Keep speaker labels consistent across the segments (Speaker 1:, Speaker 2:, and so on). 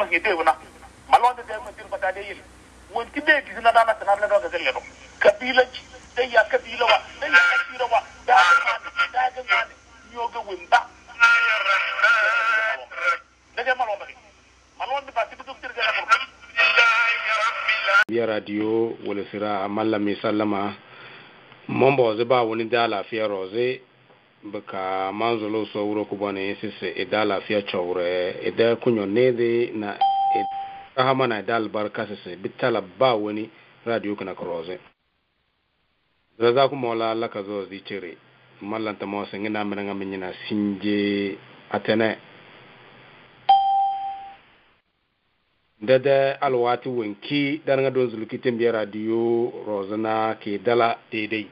Speaker 1: ma ke te wona malonde de ma tirba ta de yele won ki be ki na dana tanam le do gazel le do kabila ci da ya kabila wa da ya kabila wa da ga ma da ga ma nyo ga wimba da ga malonde ke
Speaker 2: malonde ba ti do tirga na ko
Speaker 3: ya radio wala sira amalla mi sallama mombo ze ba woni da lafiya roze bika manzolo so wuro kubane sise ida lafiya chawre ida kunyo nede na kama na ida albarka sise bitala ba wani radio kana koroze zaza ku mola la ka zo zi cire mallan ta mawasa ngina mina nga minyina sinje atene dede alwati wenki dan nga don zulukitin biya radio rozana ke dala daidai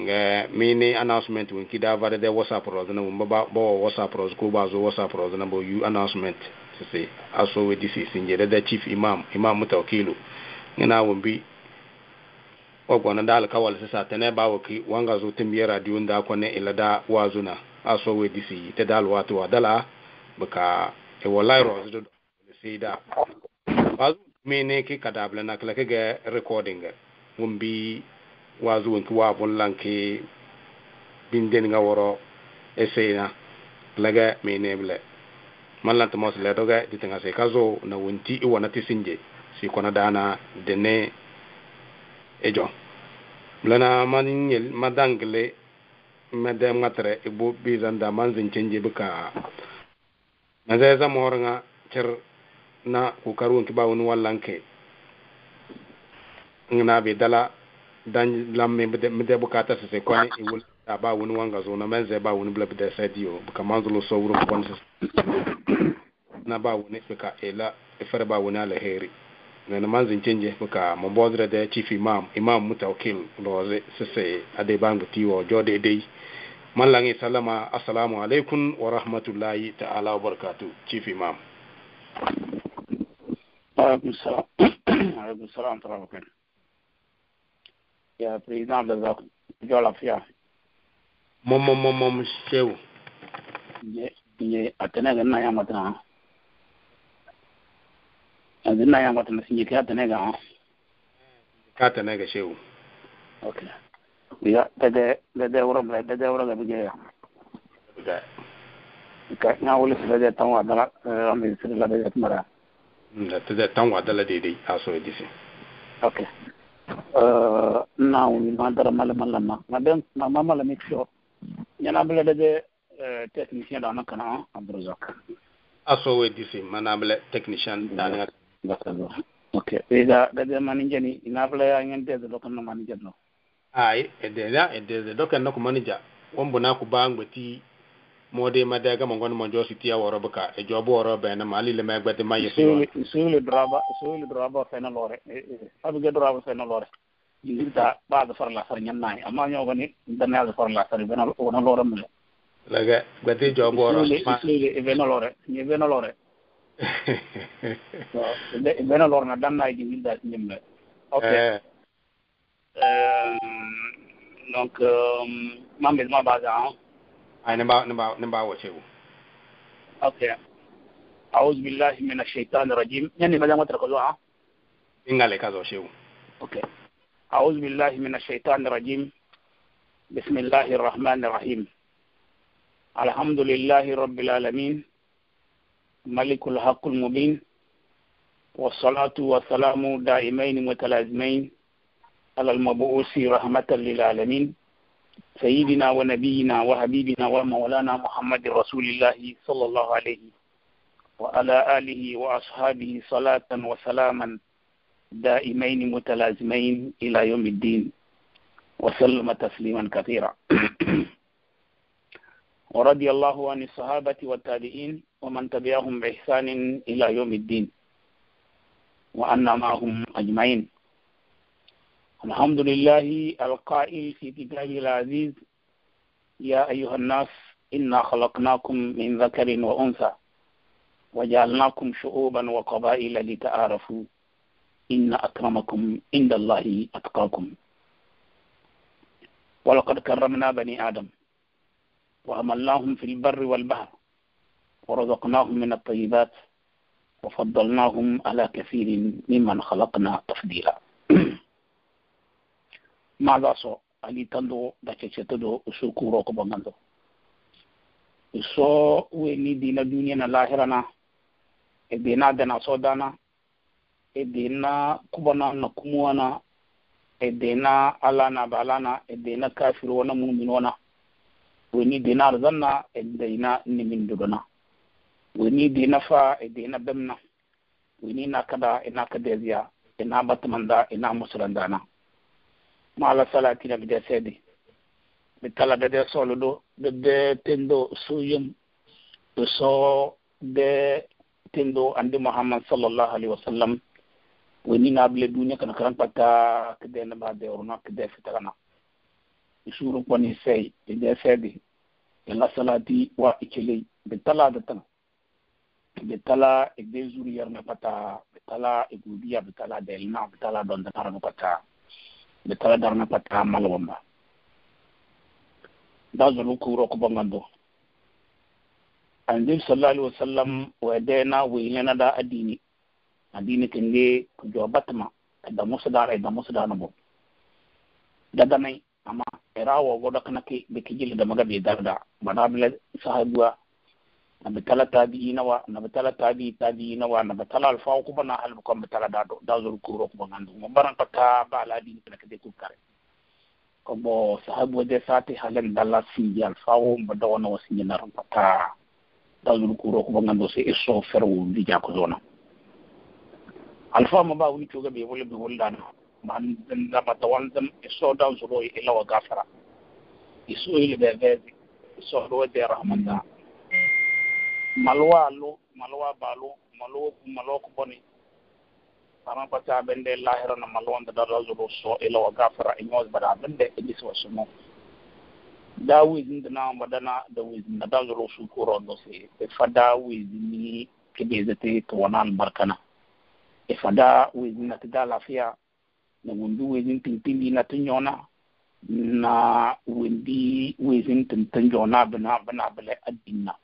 Speaker 3: nga mini announcement wen kida vare de whatsapp ro na mun ba ba whatsapp ro ko ba zo whatsapp ro zana bo you announcement to say aso we this is injere chief imam imam mutawkilu ngina won bi ogwa na dal kawal sisa tene ba waki wanga zo timbiye radio nda ko ne ilada wazuna aso we this te dal watu wadala baka e wallahi ro zo sai da bazu mene ke kadabla nakla ke recording ngumbi waasu wonki waafun lanki bindeniŋa woro eseyna lage meneble mallanta mosi letoge ditiŋa si kaso na wonti i wona ti sinje si kono dana dene e jo lana maniel ma dangle ma demŋatire i bo bisanda man sincinje bi ka nasesa moriŋa cer na ku kar wonki bawuni wallanki ŋina bi dala dan lamme mede bukata se kwani e wul ta ba wuni wanga zo na menze ba wuni blab de da sadio buka manzulo so wurin kwanse na ba wuni ka ela e, e, e fer ba wuni ala heri na na manzin chenje buka mo bodre de chief imam imam mutawkil loze se ade bangu tiwo jode dei mallangi e, salama assalamu alaikum wa rahmatullahi ta'ala wa barakatuh chief imam alaikum salam alaikum salam
Speaker 1: ya président de la jolafia momomomom sew ye atenege nna yangotina ha adi nna yangotina sinyeke atenege ha
Speaker 3: ka atenege sew ok ya
Speaker 1: dede dede wuro bila dede wuro gabi jeya ka nga wuli sila de tan wa dala ami sila de tumara
Speaker 3: dede tan wa dala de de aso edisi okay
Speaker 1: nawni ma dara mala mala ma ma ben ma ma mala mix yo nyana bele de technicien da nakana
Speaker 3: abdurrazak aso we disi mana bele technicien da nakana ok ida
Speaker 1: da de mani jani ina bele ya ngente de lokana mani jano
Speaker 3: ai edela edela dokana ko mani ja wombo na ku bangwe ti moodi maddeega mo ngonmo joosi tiya worobe ka e joobo worobe ene e- e- ma lile mai gbedde maye
Speaker 1: suuli droba suuli droba fenoloore sabige droba fenoloore jirta ɓaade far lasar ñannaani amma ñoogo ni daneade far lasar wona
Speaker 3: loore e mule lege gbedde joobo worosuuli
Speaker 1: venoloore ñi venoloore venoloore na dannaye ji wilda ñimle
Speaker 3: ok eh. donc mambe ma base an آه، اوكي اعوذ بالله من الشيطان الرجيم يعني ما دام تركوا ان عليك لك اوكي
Speaker 1: اعوذ بالله من الشيطان الرجيم بسم الله الرحمن الرحيم الحمد لله رب العالمين ملك الحق المبين والصلاة والسلام دائمين متلازمين على المبعوث رحمة للعالمين سيدنا ونبينا وحبيبنا ومولانا محمد رسول الله صلى الله عليه وعلى آله وأصحابه صلاة وسلاما دائمين متلازمين إلى يوم الدين وسلم تسليما كثيرا ورضي الله عن الصحابة والتابعين ومن تبعهم بإحسان إلى يوم الدين وأنا معهم أجمعين الحمد لله القائل في كتابه العزيز يا أيها الناس إنا خلقناكم من ذكر وأنثى وجعلناكم شعوبا وقبائل لتعارفوا إن أكرمكم عند الله أتقاكم ولقد كرمنا بني آدم وأملناهم في البر والبحر ورزقناهم من الطيبات وفضلناهم على كثير ممن خلقنا تفضيلا malaso ali tando da cece todo su kuro ko gando so we ni na duniya na lahira na e be na na so dana e be na kubana na wana e be na alana na e be na e e kafiru wana mu'min wana we ni dina na e be na nimin dudona we ni na fa e be na bemna we ni e na kada na kadeziya ina batmanda na musulanda na maala salatinak de seedi mi tala de de soolu ɗo de de tenndo suyum ɗo soo de tenndo anndi mouhammad sallllahu alayhi wa sallam woni naaɓile duniya kono karan patta ke de neɓa de oruna ke de fitagana suuru koni sey e de seedi yalla salati wa iceley mbe tala de tan mbe tala e de jour yerme patta mbe tala e guudiya mbe tala de elna mbe tala ɗon de parano patta nde tara darna patta ha malwa da nda zolu kuro ko bangando annabi sallallahu alaihi wasallam wa dena yana da kin ne ku jo batma da da rai da da nabo daga mai amma irawo godo kana ke biki jilla da magabe da da bile sahabuwa na tala tabi'ina wa na tala tabi'i tabi'ina wa na tala alfa ko bana hal ko na tala dado dazul kuro ko bangandu mo baran kata ba la din kana kede ku kare ko bo sahabu de sati halen dalla sinji alfa ko mo dawna o sinji naran kata dazul kuro ko bangandu se eso ferwu di ja ko zona alfa mo ba wuni tuga be wole be woldana man den da ba tawan dem eso dazul o ila wa gafara eso ile be be so do de rahmanda mm -hmm. maluwa alu maluwa balu maluwa malo ko boni ana bata bende lahira na malwa da dala zulu so ila wa gafara in yos bada bende in so sumo da wizin da na madana da wizin da zulu su kuro do se e fada wizin ni kebe zate to wanan barkana e fada wizin na da lafiya na gundu wizin tintin na tunyona na windi wizin tintin jona bana bana bale adinna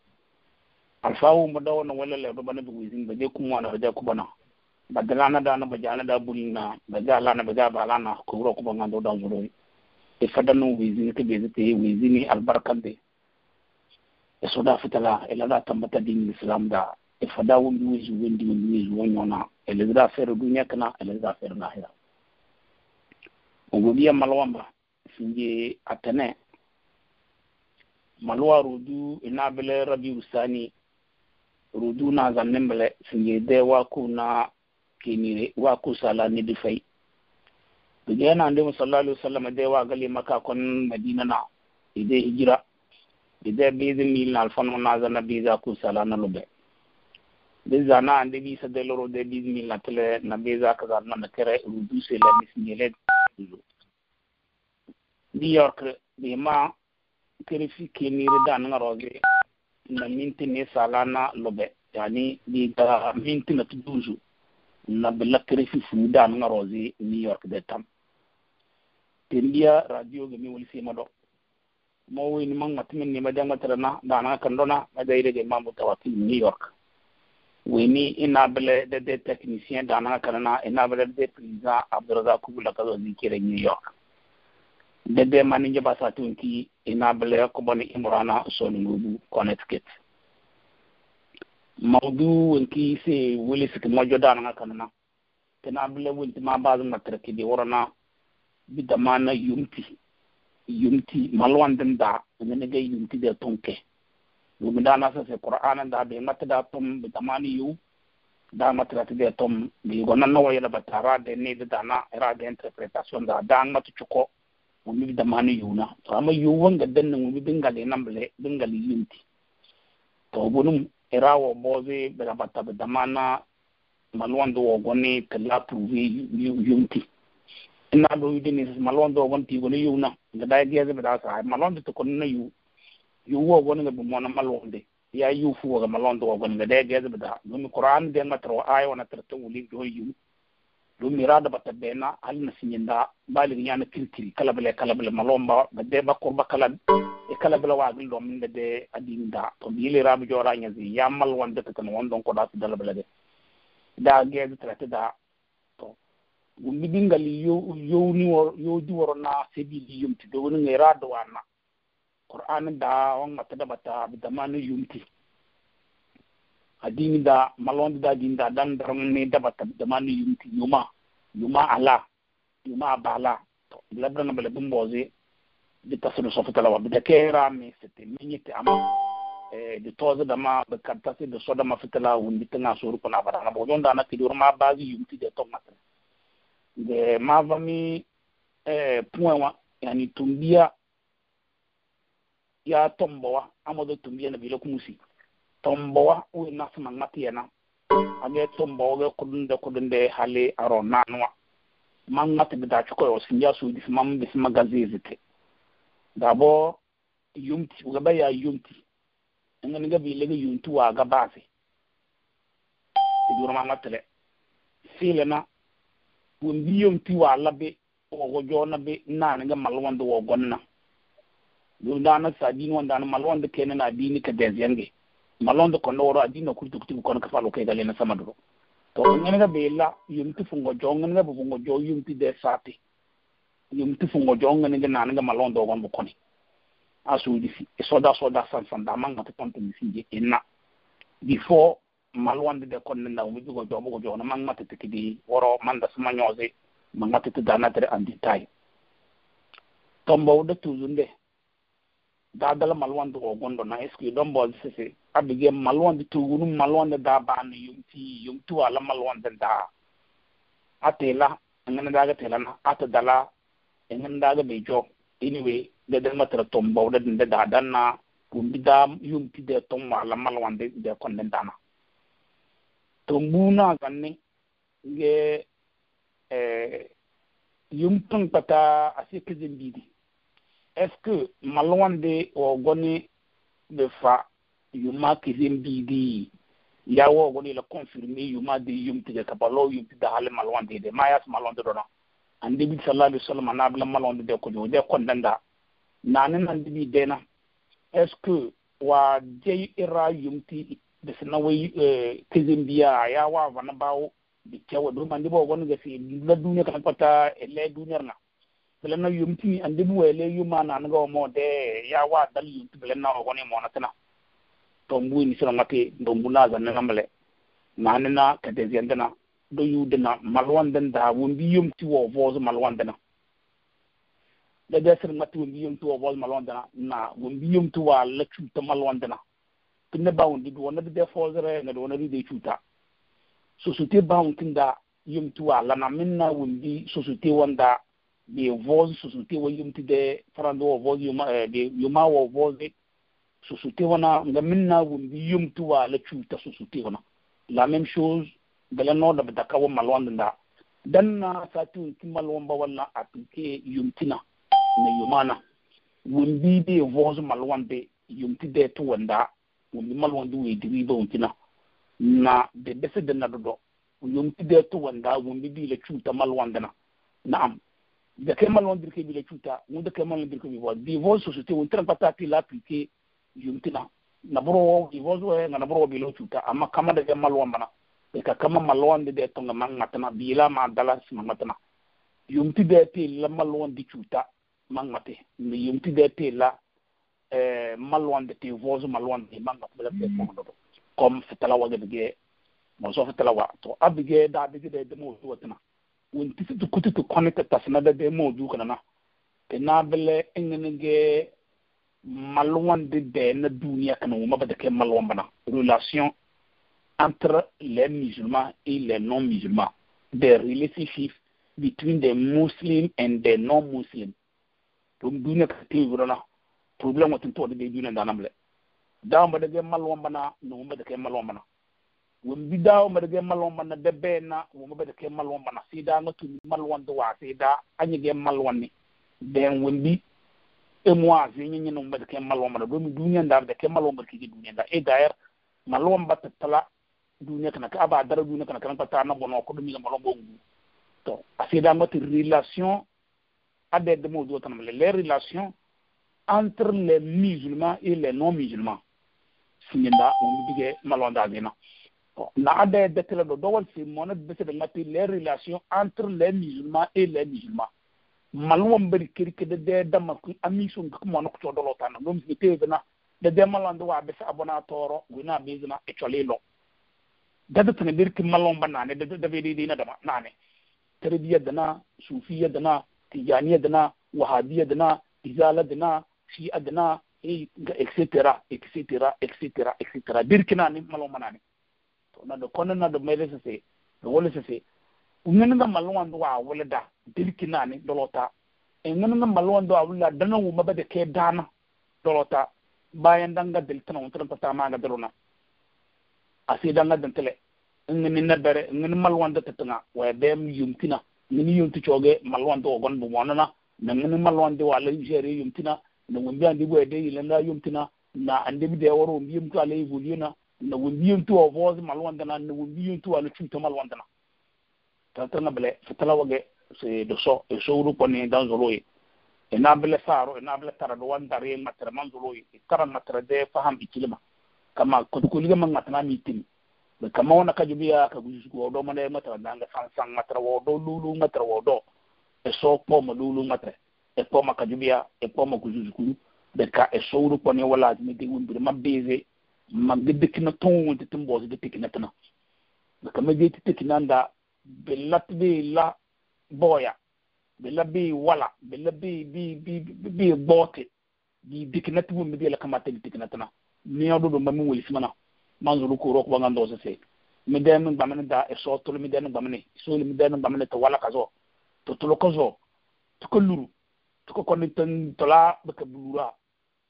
Speaker 1: alfawu mo da no wala ledo bana bi wizin be ku mo na be ku bana badala na da na be jana da bun na be ga la na be ga bala na ku ro ku bana do da zuro e fada no wizin ke be te wizin albarkan be e so da fitala e la da tambata din islam da e fada wo mi wizu wendi mi wizu wonyo na e le da fer dunya kana e le da fer na hira ogobiya malwamba sinje atene malwaru du inabele rabi usani rudu na zam nembele de waku na kinire waku sala ni difai duge na ndi sallallahu alaihi wasallam de wa gali maka kon madina na ide hijira ide bizi mil na alfan na zana biza ku sala na lobe biza na ande bi sa de loro de bizi mil na tele na biza ka zan na kere rudu se la ni ni New York bi ma kere fi kinire dan ngaroge na minti ne salana lobe yani ni da minti na tuduju na bela kerefi fuda na rozi new york de tam tendia radio ga mi wol sima do mo woni man matmin ni madan matarana da na kandona madaire ga mambu tawati new york woni ina bele de de technicien da na kanana ina bele de prisa abdurza kubula kazo zikire new york dede mani tunki ina bele ko boni imrana so ngubu connecticut maudu wenki se wili siki mojo dananga kanana bele wenti ma bazu matreki di worona worana bidamana yumti yumti malwan dem da ngenege yumti de tonke sa se qur'an da be matta da tum tom bidamani yu da matrati de tum bi gonan no wayla batara de ne de dana era de interpretation da dan matu chuko wani da manu yuna to amma yuwan ga dannan wani dingale nan bale dingale yinti to bunum irawo boze bela batta be damana malwando wo goni kala pruvi yunti ina lo yudini malwando wo gonti goni yuna ga dai dia ze beda sa malwando to kun konna yu yuwo goni ga bumona malwonde ya yufu ga malwando wo goni ga dai dia ze beda no qur'an de matro ayo na tartu wuli do yu ɗum mi rada batta ɓeena halna siñinda mbaligi ñana kirkiri kala bele kala bele malomba badde bakkurba kala e kala bele wagil ɗo min ɓede adinda to mi yiliraɓe jorañasi yammal wondete tan wonɗon koɗa so dala bele de da gueede traité da to ɗum miɗingal yowniwo yowdiworo na seeɓiɗi yumti do woni e radde wanna qouran da on mattadaɓatta abidamani yumti adinda malondida dinda dan darne dabata damani yumti yuma yuma ala yuma bala labrana bele bumboze de tasunu sofutala wa de kera mi sete minyete ama eh, de toze dama be kartase de soda ma fitala wundi tanga suru kona barana bo jonda na tidur ma bazi yumti de to matra de ma vami eh point wa yani tumbia ya tombowa amodo tumbia na bilo kumusi tombowa uy nasma matiyana age tombowoge kudunde kudunde hali aro nanwa man mati bida o sinja su dismam bisma gazizite dabo yumti ugaba ya yumti ngani ga bilege yumti wa ga basi tidurma na u wumbi yumti wa labe go jona be nani ga malwanda gonna dum dana sa din wanda na malwanda kenan dini ka dezyange malondo ko ndowro adinno kuri tugu tugu kono ka falo kay dalena samaduro to ngenega be la yumti fungo jo ngenega bu fungo jo yumti de sati yumti fungo jo ngenega nananga malondo gon bu koni asuudi fi e soda soda san san da manga to tonto mi fije enna before malwande de konne ndaw mi jugo jo bugo jo na manga to tikidi woro manda suma nyose manga to dana tere andi tay tombo de tuzunde dadala malwande o gondo na eski dombo sese ada ye malwan tu wunu de da ba na yumti yumtu ala malwan da da atela ngana daga tela na ata dala ngana daga be jo anyway da da matara tombo da da da dan na kumbi da yumti da tombo ala malwan da de kon da na to muna ganne ge eh yumtun pata asikizin bidi est ce que malwan de o goni de fa yuma kizem bidi ya wo goni la confirmer yuma de yum tiga ka balo yum tida hal malwande de mayas malwande do na andi bi sallallahu alaihi wasallam na bla malwande de ko jo de kon danda nanin andi bi de na est ce que wa je ira yum ti de sna way kizem eh, biya ya wa vana bawo bi cewa do mandi bo goni ga fi la dunya kan pata ele dunya na bilana yum ti andi bu wele yuma na nga mo de ya wa dal yum ti bilana o goni mo na tana tombu ni sira ngati dombu na zan ngamle manena ka de do yudena malwan den da won bi yum ti wo voz malwan dana da da sir ngati won bi yum ti wo voz malwan dana na won bi yum ti wa la ta malwan dana kinne bawon di won da de fozre ngad won di de chuta so su te bawon kinda yum ti wa la na minna won bi so su te wanda de voz so su te won yum ti de farando wo voz yuma eh, de yuma wo voz de Sosote wana, mga minna wong bi yom tuwa le chuta sosote wana. La menm shouz, gale nou da bedakawa malwanda nda. Dan sa ti yon ti malwanda wana, ati ki yon tina. Ne yon mana. Wong bi de vozo malwande, yon ti de tu wanda, wong bi malwande ou edi wiba yon tina. Na, de besi dena dodo, yon ti de tu wanda, wong bi di le chuta malwande na. Na am, de ke malwande di ki di le chuta, wong de ke malwande di ki di vozo. Di vozo sosote, wong ti nan pata ati la pi ki, yumtina naburowo ivosoega naburowo bilo cuta amma kama dage malwambana ɓeka kama malwande de tonga ma gatana bila ma dalas ma gatana yumti de tela malwandi cuta ma gate mi yumti de tela e, malwande te voso malwande ma gatabeleeoɗoɗo comme fetalawagadege moso fetalawa to abige dabige de de moju watana wontisitu kutitu konete tasnade de moju kanana tena bele engenege malouan de dene douni ak nan ou mabadeke malouan bana relasyon antre le mizouman e le non mizouman de relasyon between de mouslim en de non mouslim pou mboune kati vounen pou mboune mwantin tou dounen danan mwen da ou mbadeke malouan bana nou mbadeke malouan bana wèmbi da ou mbadeke malouan bana de ben nan ou mbadeke malouan bana se da nou koum malouan doa se da anye gen malouan ni den wèmbi e moi je ñi ñen mbaɗ ke malwamba ɗo ɗomi duniya ndar de ke malwamba kiji duniya ndar e d'ailleurs malwamba ta tala duniya kana ka aba dara duniya kana kana ta na bono ko ɗomi malwamba ngu to a sedamati relation adede mo do tanam les relations entre les musulmans et les non musulmans siñinda on dige malwanda dina to na adede tele ɗo dowol si mona besede ngati les relations entre les musulmans et les musulmans malwon bari kirki da de dama ku amisun ku mo nok to dolo tan ngom si tezna da de malando wa be abona toro wina bezna e cholelo da da tan birki malon banane da da be di na dama nane tarbiya da na sufiya dana na dana da na wahabiya da na izala da na shi'a da na etc etc etc etc birki na ni malon banane to na da konan na da mai lesa se da wala se ŋmenega malʋã dɩ waa wɩlda da, naani dɔlɔta ŋmenega e malʋã dɩ waa wɩlda dãna ba de kɛ daana dɔlɔta bayan danga del tana wʋntɩrẽ pa taa maaga dɩrʋna a sɩ danga dɩntɩlɛ ŋini nɛbɛrɛ ŋini malʋã dɩ tɩ tɩŋa wa bɛɛm yomtina ŋini yomti cɔɔgɛ malʋã dɩ wa gɔn bɩ na ŋini yomtina na wẽmbi ãn dɩ wɛɛ dɛ yɩlẽnda na ãn dɩ a na na tantana bele fitala wage se do so e so ru ko dan zolo e ina bele faro ina bele tara do wan dare matra man zolo e tara matra de faham ikilma kama ko ko liga man matna mi tin be kama wona ka jubiya ka guju ko do man matra dan ga san san matra wo do lulu matra wo do e so ko ma lulu matra e ko ma ka jubiya e ko ma guju ko be ka e so ru wala mi de won ma beze ma gidikina ton won titin bozi gidikina tana be kama je titikina da bilatbi la boya bilabi wala bilabi bi bi bi bi bote bi dikinati mu bi la kamata bi dikinati na ni yodo do mamu wuli simana manzuru ko rok bangan do se mi den mi gbamani da e so tulu mi den gbamani so mi den gbamani to wala kazo to tulu kazo to ko luru to ko konni tan tola be ka bulura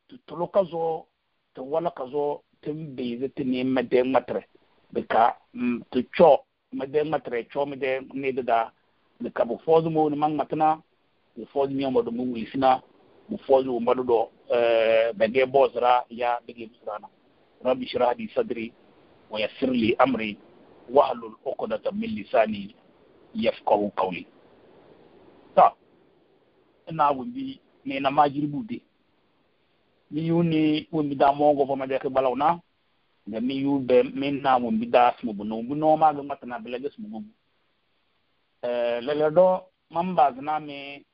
Speaker 1: to tulu kazo to wala kazo tin be ze tin ne made matre be ka mm, to cho mede matre co mede nede da de kabo fozu mo ni mang matna de fozu mi amado mu isina mu fozu mado do eh, bege bozra ya bege bisrana rabbi shrah li sadri wa yassir li amri wahlul uqdata min lisani yafqahu qawli ta ina wumbi ni na majiri bude mi yuni wumbi da mongo fo ma de ke balawna da mi yu be min na won bi das mo bu no bu no ma ga na bela ges mo bu eh le do mam ba na mi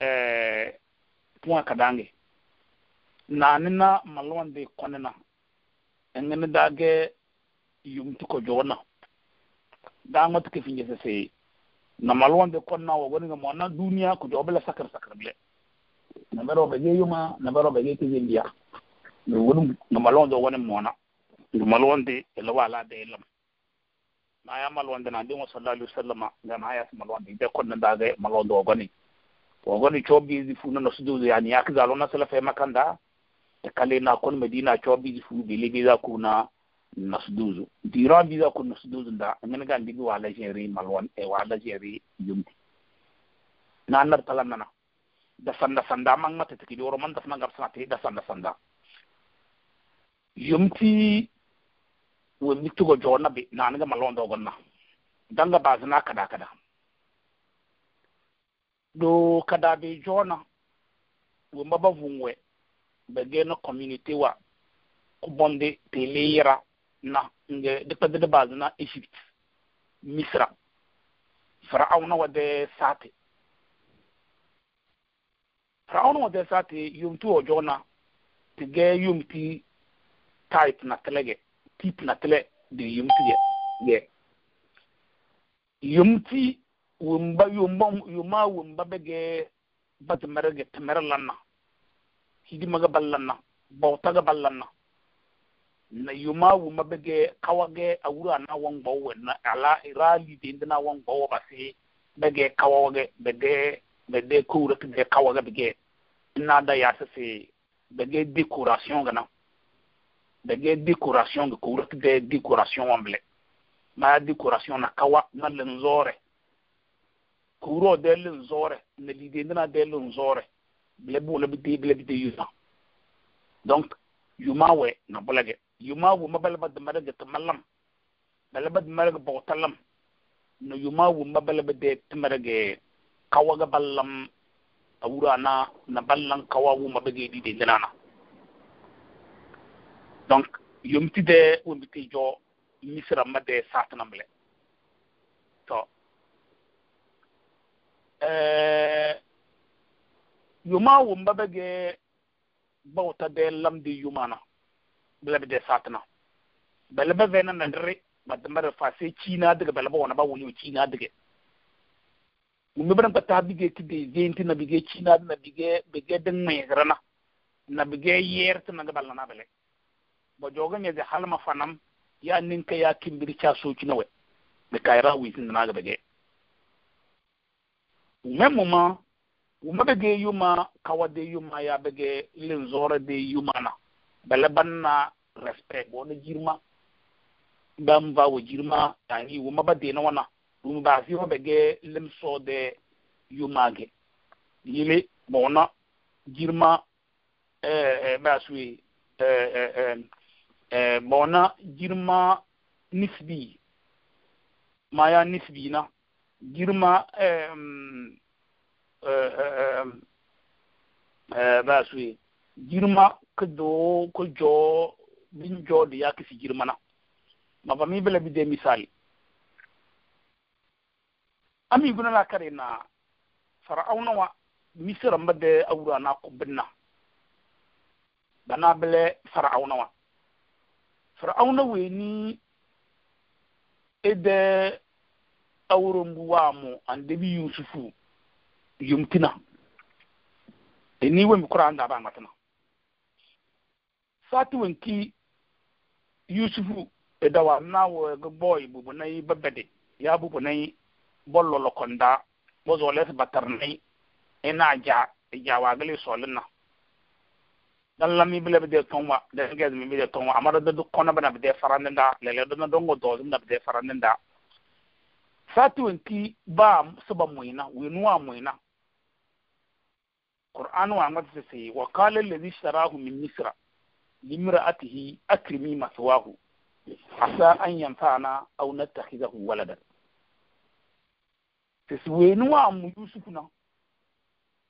Speaker 1: eh puwa kadange na ni na malon de konena ngene dage yu mtu ko jona da ma tu ke finje se se na malon de na wo goni ga dunia ku do bele sakar sakar ble na mero be yuma na mero be ke ndia no wonu na malon do mo na malwande ila wala da ilam na ya malwande na dinwa sallallahu alaihi wasallam da na ya malwande be kon da ga malwande o goni o goni chobi zi fu na sudu ni ya zalo na sala fe makanda e kale na kon medina chobi zi fu bi bi za kuna na sudu dira bi za kuna sudu da ngen ga ndigi wala jeri malwan e eh, wala jeri yumti na nar talan na da sanda sanda man mata tikidi woro man da sanda sanda da sanda sanda yumti wemi tugo jona bi nanga malondo gonna danga bazna kada kada do kada bi jona we maba vungwe begeno community wa kubonde teleira na nge depende de bazna egypt misra faraona wa de sate faraona wa de sate yumtu o jona tige yumti type na telege tipnatle de yumti ye ye yumti wumba yumba yuma wumba bege batmere ge temere lanna hidima ga ballanna bauta ga ballanna na yuma wumba bege kawage awura na wangba wenna ala irali de ndina wangba wabasi bege kawage bege bege kura bege kawage bege n'a da ya sase bege decoration ga na daga decoration ga kurat de decoration wamble ma decoration na kawa na lenzore kuro de lenzore na lide na de lenzore ble bo le bide ble bide yusa donc yuma we na bulage yuma wu wo mabal bad maraga tamalam bal bad maraga bawtalam no yuma wu wo mabal bad tamaraga kawaga ballam awura na na ballan kawawu mabage dide na donc yomtide wombiti jo misra made satanamle to yoma womba bege bawta de lamdi yumana belabe de satana belebe vena nandiri madamare fase china dige belebe wana ba wuni china dige wumbe bana kpata bige kide zenti na bige china na bige bige de ngmegrana na bige yerti na gabalana bele mo joga ngeze halma fanam ya ninka ya kimbiri cha soci nawe da kaira wisin na ga bage umemu ma uma bage yuma kawa de yuma ya bage lin zora de yuma na bala banna respect bo na jirma bam va wo jirma tani uma ba de na wana dum ba fi ho bage lim so de yuma ge yile bona jirma eh eh ba suwi eh eh, eh Eh, bon na girma nisbi maya nisbi na girma ba su yi girma ka do ko jo bin jo da ya kisi girma na ma ba mi bala bide misali ami guna na kare na fara'auna wa misira mba da aura na kubbin na da na fara'auna wa fir'auna weni ede auren buwamu an debi yusufu yumtina da e ni wani kura da ba matana sati wanki yusufu edawa na wo e ga boy bubu nay babade ya bubu nay bollo lokonda bozo les batarnay ina e ja ja wa gali na. dan la mi bile bide tonwa de ngez mi bide tonwa amara da duk kona bana bide farandenda le le na dongo do na bide farandenda bam so ba suba muina winuwa muina qur'an wa ngat se wa qala alladhi sharahu min misra limra'atihi akrimi maswahu asa an yanfa'ana aw nattakhidahu waladan sisi wa mu yusufuna na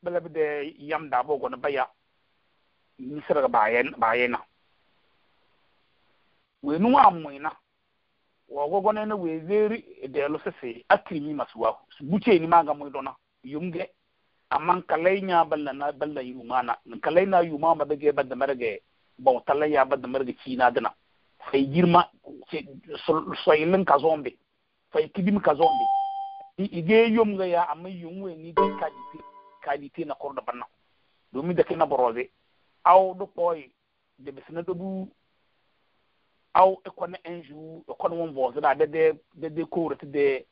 Speaker 1: bala bide yam da bogo na baya yisrg baa yẽna wenu wã n na wa gogo ne na wee zeeri deelu sese akirimi masu wahu su buce ni ma ga mu dona yumge amma kalai nya balla na balla yuma na kalai na yuma ma bege badda marge bon talai ya badda marge kina dana fai girma soyilin ka zombe fai kidim ka zombe ige yum ga ya amma yumwe ni dai kalite kalite na korda banna domin da kai na aw do poi de bisna do bu aw e kon enju e kon won voz da de de de de kurat de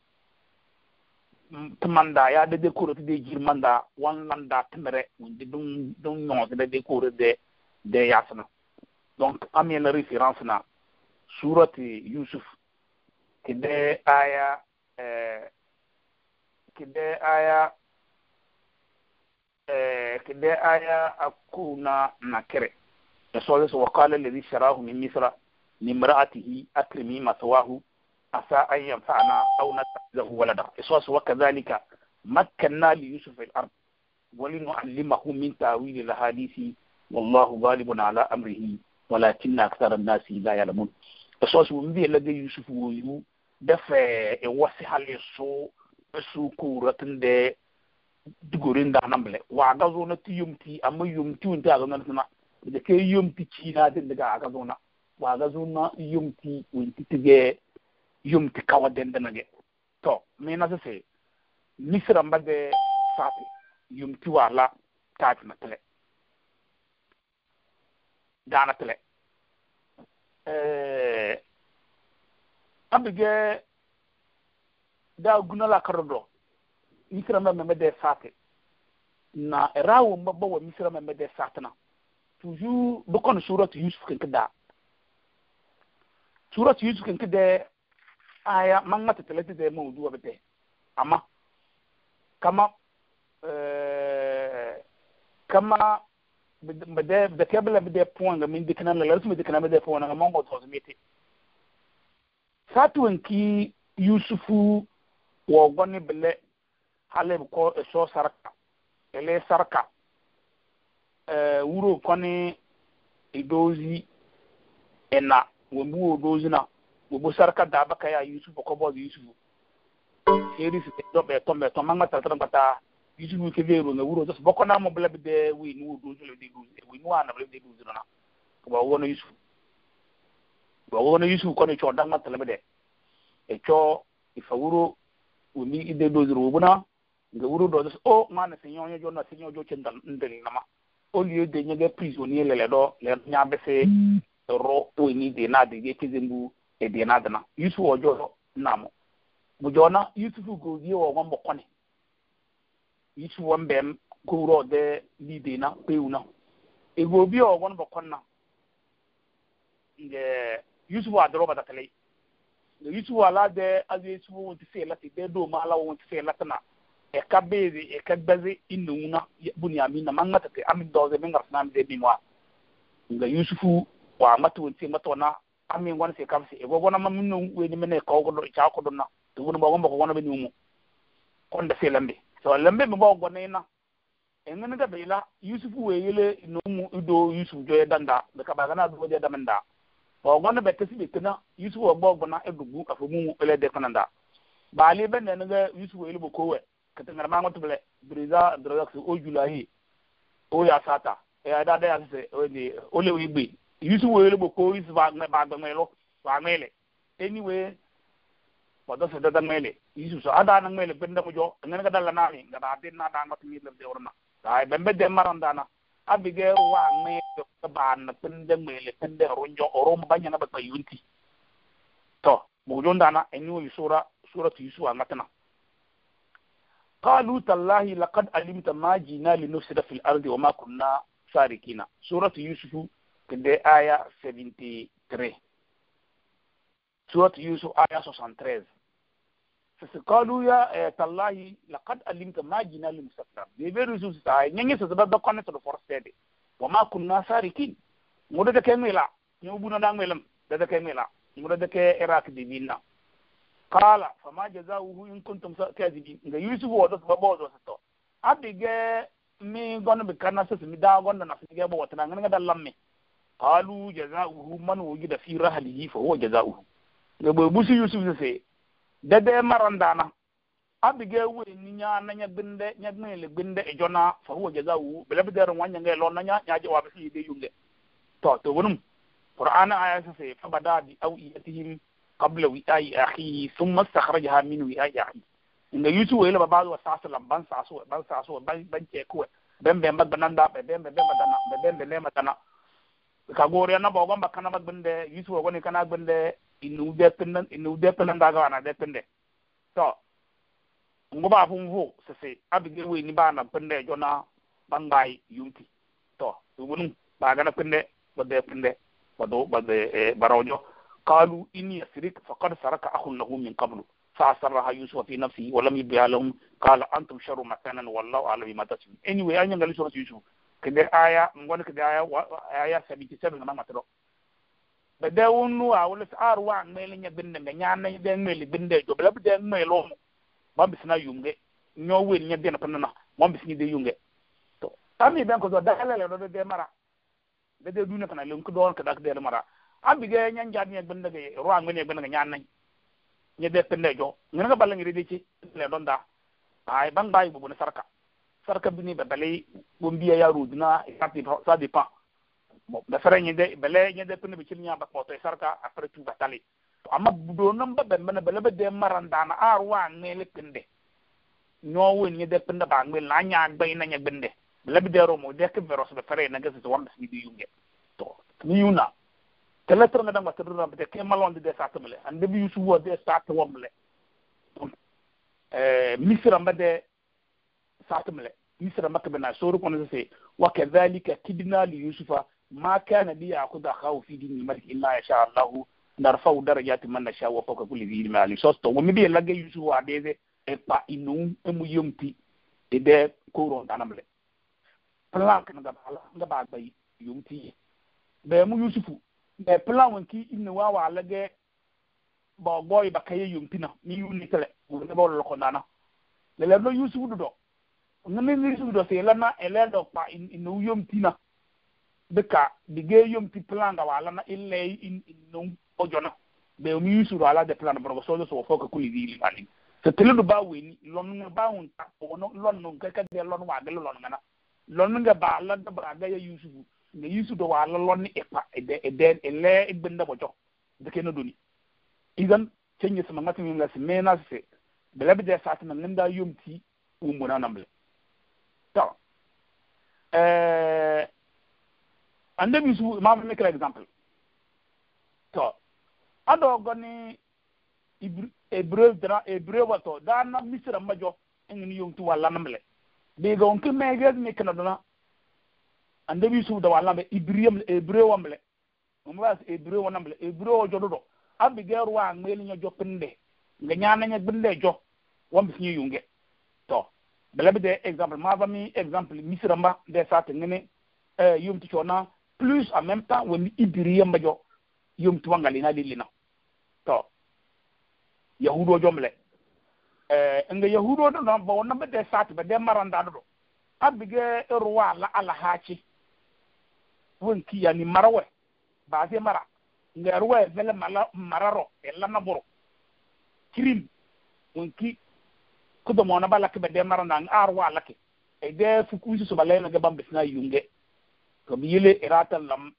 Speaker 1: mm, tmanda ya de de kurat de manda wan landa tmere de dum dum non de de kurat de de yasna donc amien la référence na surati yusuf de aya eh de aya كده آية أكون نكرة وقال الذي شراه من مصر لامرأته أكرمي مثواه عسى أن ينفعنا أو نتخذه ولدا يسوع وكذلك مكنا ليوسف في الأرض ولنعلمه من تأويل الأحاديث والله غالب على أمره ولكن أكثر الناس لا يعلمون يسوع ومبي الذي يوسف ويو دفع وسح ليسو سو كورة dugorin da nan bale wa ga na tiyum ti amma yum ti wanda ga nan na de ke yum ti ci na din daga ga zo na wa ga zo na yum ti wanda ti kawa den da nage to me na se misra mbade sati yum wala ta na tele da na tele eh abige da gunala karodo misira misirama mɛmɛ dɛ saate na rawo mɛ bɔ wɔ misirama mɛmɛ dɛ saate na toujours bɛ kɔni suratu yusuf kenke da suratu yusuf kenke dɛ aya man ŋa tɛtɛlɛ ti dɛ mɛ o duwa bɛ dɛ ama kama ɛɛ kama bɛdɛ bɛkɛ bɛlɛ bɛ dɛ pɔn nga min dikina lɛ lɛsɛ mi dikina bɛ dɛ pɔn nga man kɔ tɔɔsi mi ti saatu wanki yusufu wɔ gɔni bɛlɛ hali bɛ kɔ ɛsɔ saraka ɛlɛ saraka ɛɛ wuro kɔni idozi ɛna wɔmu wo dozi na wɔbɔ saraka daaba ka yɛ yusufu kɔbɔ yusufu seeri si ɛtɔ bɛ tɔn bɛ tɔn mangba tɛrɛtɛrɛ ka taa yusufu kebe ro nga wuro jɔs bɔkɔ na mo bila bi bɛɛ wi wo dozi la bi dozi wi ni wo ana bila bi dozi na ka ba wɔna yusufu ba wɔna yusufu kɔni tsɔ dangba tɛlɛ bi dɛ ɛtsɔ ifawuro wɔmi ide dozi ro wɔbɔ na. nke wuru do o oh, na se nyo jo chen dan na ma o lieu de lele do le nya be se mm. ro o de na de ge kizimbu e de na de na yusu ojo na mo mu jo na yusufu go ye o wan bokone yusu wan bem go ro de de na pe e go bi na nge yusufu ba yusufu ti se eka beze eka gbeze inuna e bunyamin na mangata te amin doze min garfna mi zebi mwa nga yusufu wa matu wonse matona amin wan se kamse e bobona mamin no weni mene ko godo e cha ko donna to bunu ba gomba ko wona be nyumu kon da se lambe so lambe mi bo gonna ina engene e ga bela yusufu we yele no mu ido yusuf joye danda da ka bagana do je damanda o gonna be tesi be yusufu bo gonna e dugu afumu ele de kananda baali ben ne nga yusufu ele bo kowe katengara mango tibele brisa drogaxi o julahi o ya sata e ada da ya se o ni o le wi e gbe e yusu wo le bo ko yusu ba ngbe ba ngbe lo ba ngele anyway pada se da ngele yusu so ada na ngele benda e mo jo ngene ka dalla na mi ngada de na da ma timi le de orna dai bembe de maranda na abige wa ngme ko ba na benda ngele benda ronjo orom banya na ba tayunti to mo jo ndana anyway sura sura tu yusu wa ngatna قالوا تالله لقد علمت ما جينا لنفسد في الارض وما كنا سارقين سوره يوسف كده ايه 73 سوره يوسف ايه 73 Sisi kalu ya talahi la kad alim ka majina alim sasa. Bebe rizu sisi ae. Nyengi sisi ba dokwane sato forstede. Wa ma kun nasari ki. Ngo da da ke mela. Nyo buna da ngelem. Da da ke mela. Ngo kala fama jazaohu in kuntum kadibin nga yusuf wodo ba bozo to adige mi gon bi kana sus mi da gon na sus ge bo wotana ngana da lamme qalu jazaohu man wujida fi rahlihi fa huwa jazaohu nga bo busi yusuf se da de marandana adige we ni nya na nya binde nya gbele binde e jona fa huwa jazaohu bele bi der wanya nge lon na nya nya je wa bi de yunge to to wonum qur'ana aya se fa badadi au iyatihim qabla wi'a'i akhihi a istakhrajaha min wi'a'i akhihi nga yusu wele ba balu sasu lam ban sasu ban sasu ban ban ke ku ben ben ba bananda be ben ben dana be ben dana ka gori ba kana ba bende yusu wa ni kana bende inu inu de pendan ga na de pende to ba fun fu se se abige ni ba na pende jona bangai yunti to ubunun ba ga na pende ba de pende ba do ba de eh, barajo قالوا إن يسرق فقد سرق أخ له من قبل فأسرها يوسف في نفسه ولم يبدها لهم قال أنتم شر مكانا والله أعلم بما تسمون anyway أنا قال سورة يوسف كده آية نقول كده آية آية 77 ما مترو بدأ ونوا أول سعر وان ميلين يبند نعنا يبند ميل بند جبل بدأ ميلهم ما بسنا يومه نيوين يبند كنا ما بسني ده يومه تامي بيان كذا دخل له ده ده مرة ده ده دونه كنا لهم كده كده كده مرة abiga nyan jar ne gbanda ga ruwa ngene gbanda ga nyan nan nye de pende jo ngene ga balang ridi ci le don da ay bang bay bu ne sarka sarka bi ni be bale bu mbiya ya rudina sati sa di pa mo da fere nye de bale nye de pende bi ci nya ba ko to sarka après tout batali amma do nan ba ben bana bale ba de maranda na arwa ngene pende ñoo nye de pende ba ngene na nya gbay na nya gbende labi de romo de ke veros be fere na ga ci wam ci di yunge to ni yuna ثلاثة من دم تدرنا بدي كم ملون دي ساعة ملة النبي يوسف هو دي ساعة وملة مصر مدى ساعة ملة مصر ما كبرنا سورة كنا سي وكذلك كدنا ليوسف ما كان ليأخذ أخاه في دين الملك إلا يشاء الله نرفع درجات من نشاء وفوق كل ذي علم عليم سوستو ومبي لقى يوسف وعديه إبا إنوم إمو يمتي إذا كورون دانملة بلانك نغبالا نغبالا يمتي بأمو يوسفو bɛ pila wọn ki ina wa wa lage ba gbɔ yi ba ka ye yompi na ni yu ni tɛlɛ o ne b'o lɔkɔ dana lɛlɛ dɔ yu sugu dɔ ne ni y'u sugu dɔ se na ɛlɛ dɔ kpa ina wu yompi na bi ka bi ge yompi ka wa lana ilɛ ina wu ɔjɔ na bɛ o mi yu sugu ala de pila bɔrɔ sɔɔ de sɔgɔ fɔ ka ko yi di yi ani tɛtɛlɛ do ba wɛni lɔnu ba ta o lɔnu kɛkɛ gɛlɛ ŋana ka ba ala de ba ga ye yu sugu nga yisu do wala lonni ipa e ede eden ele igbenda e bojo deke no doni idan cenye sama ngati mi ngasi mena se bele bede sati na nda yumti na namble ta eh ande mi su ma me kra example ta ado goni ibre dra ibre wato dana misra majo ni yumti wala namble be gon ki mege mi kana dona annabi yusuf da wala be ibriyam le ebreu wam le mo ba ebreu wonam le ebreu jodo do abi geru wa ngel nya jopinde nga nyana nya binde jo wam bisni yunge to bela bi de exemple ma ba exemple misramba de sat ngene eh yum ti chona plus en même temps woni ibriyam ba jo yum tu wangali na lilina to yahudo jomle eh nga yahudo do ba wonam de sat ba de maranda do abige eh, ruwa la alhachi fon kiya ni marawe base mara ngerwe vele mala mararo ella na boro kirim wonki kudo mona bala ke bede mara nan arwa lake e de fukusi so bala na bambe sina yunge to mi yele irata lam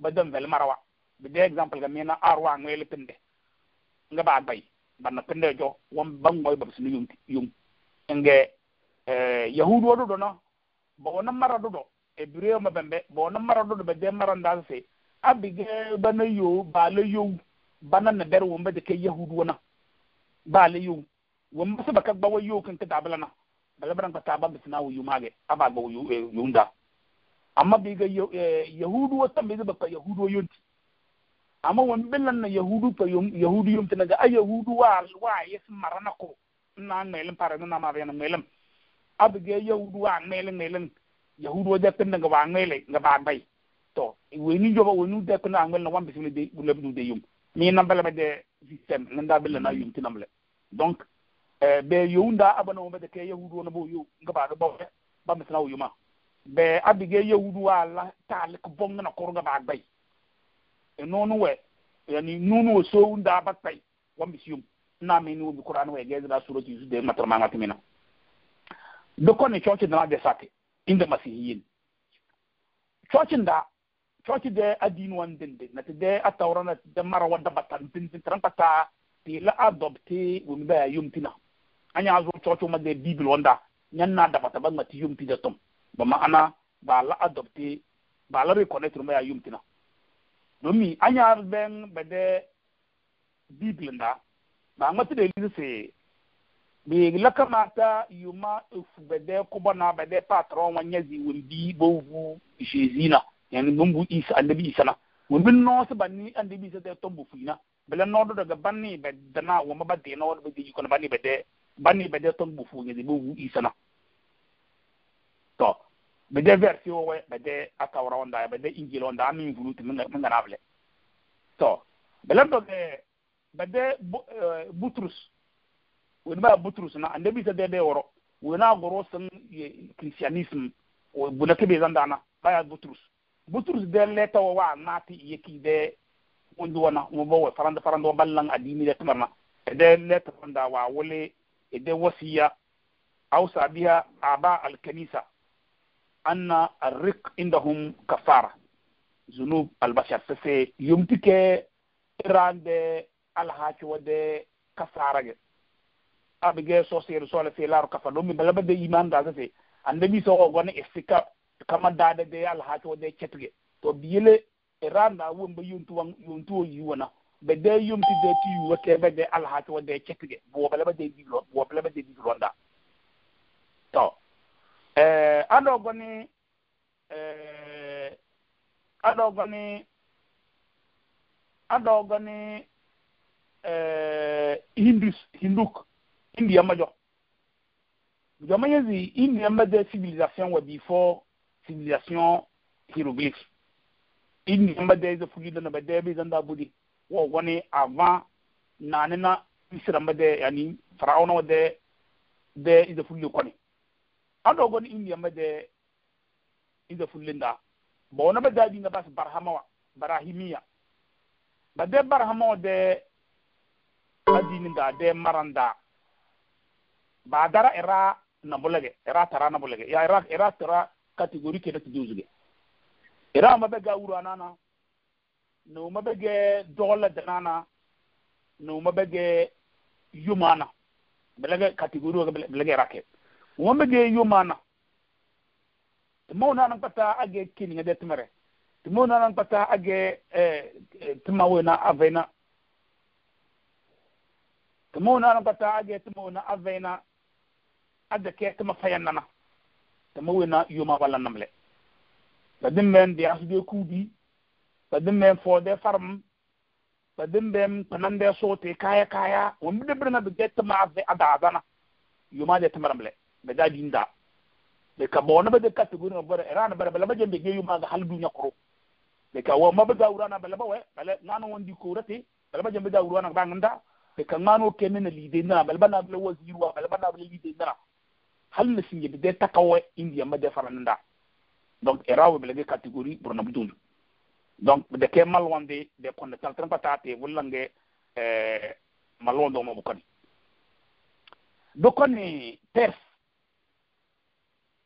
Speaker 1: badam vel marawa bi de example ga mena arwa ngwele pende nga ba bay banna pende jo won bangoy bab sina yungi yung nge eh yahudu do do na ba na mara do do ebire ma bɛnbɛ bɔn na mara do be de jɛ mara ndan se abige bana yo bala yo bana na der wɔn bɛ de kɛ yahudu na baale yo wɔn bɛ se ba ka yo kan ta bala na bala bana ka taaba bɛ sina wo yo maage a b'a wo yo yo da amma bi gɛ yahudu wa tan bɛ ba ka yahudu yo ti amma won bɛ lan na yahudu ka yahudu yo ti na ga ayahud wa wa yes mara na ko na ŋmɛlɛm pare na ma bɛ na abige yahud wa melen melen yahudu da kin daga ba ngai le ga ba bai to we joba we nu da kin angel na wambi sile de bulam du de yum mi na bala de system na bala na yum tinam le donc eh, be yunda abana wambe de ke yahudu na bo yo ga ba do ba ba mi sna yuma be abige yahudu ala tal ko na ko ga ba bai e nonu we yani nunu so unda ba bai wambi yum na mi nu bi qur'an we ge da surati yusuf de matar ma ngatimina do ko ni chochi na de inda masihiyin cocin da cocin da adin wan din din na da a taura na da mara wadda batan din din tran pata ti la adopte wumi ba yum tina anya zo cocin ma da bibil wanda nyan na da bata ban mati yum da tom ba ma'ana ba la adopte ba la reconnect ma yum tina domin anya ben ba da bibil da ba ngati da lise bi la kamata yuma fu bede kuba na bede patron wanya zi wumbi bovu jezi na yani bumbu isa annabi isa na wumbi no se banni annabi isa de tombu fina bela no do daga banni be dana wo ma bade no do be yiko banni bede banni bede tombu fu nyi bovu isa na to bede versi wo bede akawra wanda bede injilo wanda amin vulu ti mun ngana bele
Speaker 2: to bela do
Speaker 1: ge bede eh, butrus wani ba butrus na ande bisa de de woro na goro sun christianism o buna ke be zanda na b'a y'a butrus butrus de leta wa nati yeki da wanda wana mo ba wa faranda faranda ballan adini na. E da de leta wanda wa wole da wasiya hausa sabiya aba al kanisa anna arrik indahum kafara zunub albashar sai yumtike irande alhaaki kasara kasaarage abige sosir sole fi lar kafa do mi balaba de iman da zate ande mi so gona istika e kama dada de al hato de cetge to biyele iranda e won ba yuntu wan yuntu yiwana be de yumti de ti wote be de al hato de cetge bo balaba de diblo bo balaba de diblo da to eh ado goni eh ado goni ado goni eh hindus hinduk India ma jɔ jɔnma yɛ zi India ma de civilisation wa bi fɔ civilisation hieroglyphe India ma de zɛ fugi dana ba de bi zan da budi wa wani avant naani na Misira ma de yani Faraona wa de de zɛ fugi kɔni an dɔw kɔni India ma de zɛ fugi da ba wani ba de bi na ba barahama wa barahimiya ba de barahama wa de adini da de maranda dara badara era nabulege era tara nabulege ya era era tara kategori ke dati duzuge era mabe ga uru anana no mabe ge dola danana no mabe ge yumana belege kategori ga belege rake wo mabe ge yumana tmo nana pata age kini ngade tmere tmo nana pata age eh, eh tmawe na avena tmo nana pata age tmo na avena Ada ke kama fayan nana tama wena yoma wala namle sadim men de asbe kudi sadim men fo de farm sadim men panande sote kaya kaya on de brena de get ma ave ada adana yoma de tamaramle be da dinda de ka bona be de kategori no bare ran bare bala majembe ge yoma ga haldu koro de ka wa mabda urana bala bawe bala nanu wondi kurati bala majembe da urana banganda de ka ngano kenene lide na bala bana bala wazirwa bala bana bala lide na hal na sinye bi de takawe india ma de farananda donc erawe belege catégorie burna budundu donc de ke malwande de konde tal tan patate wulange eh, malwondo mo bukani do koni pers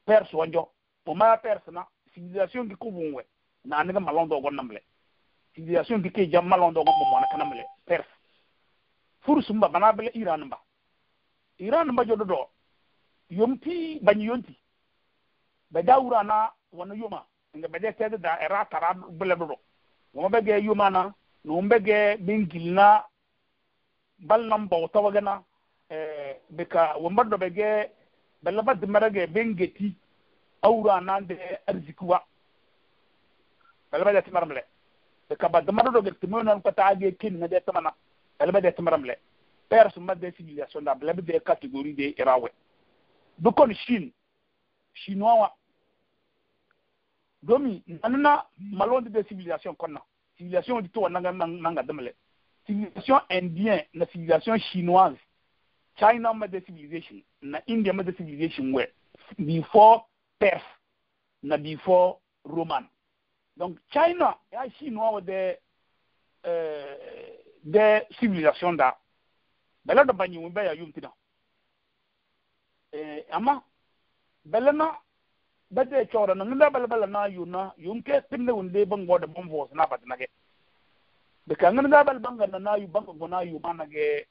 Speaker 1: pers wanjo o ma pers na civilisation gi kubunwe na ne anaga malondo gonnamle civilisation gi ke jam malondo gon mo na kanamle pers furusumba banabele iran ba iran ba jododo yomti banyi yonti bɛda wura na wɔn yoma nga bɛda sɛ da era tara bɛlɛ dodo wɔn bɛ gɛ yoma na na wɔn bɛ gɛ bengil na balinam bɔg tɔbɔgɛ na ɛɛ bɛ ka wɔn bɛ dɔ bɛ gɛ bɛlɛ bɛ dɛmɛrɛ gɛ bengeti awura na de arzikiwa bɛlɛ bɛ dɛ tɛmɛrɛ mɛlɛ ka ba dɛmɛrɛ do gɛ tɛmɛ na ka taa gɛ kini na de tamana na bɛlɛ bɛ dɛ tɛmɛrɛ ma de civilisation da bɛlɛ de categorie de erawe bi kon shin chinois domi nanana malondi de civilisation konna civilisation di to nanga nanga dɛmɛlɛ civilisation indien na civilisation chinoise china made civilisation na india made civilisation we before perse na before roman donc china ya chinois wa de euh, de civilisation da bɛlɛ dɔ ba nyiwu ya yom Eh, amma belema bete chora na ngila bala bala na yuna yunke timne unde bango da bombo na bat nage
Speaker 2: de kangana da bal
Speaker 1: banga na na yu bango na yu ma manage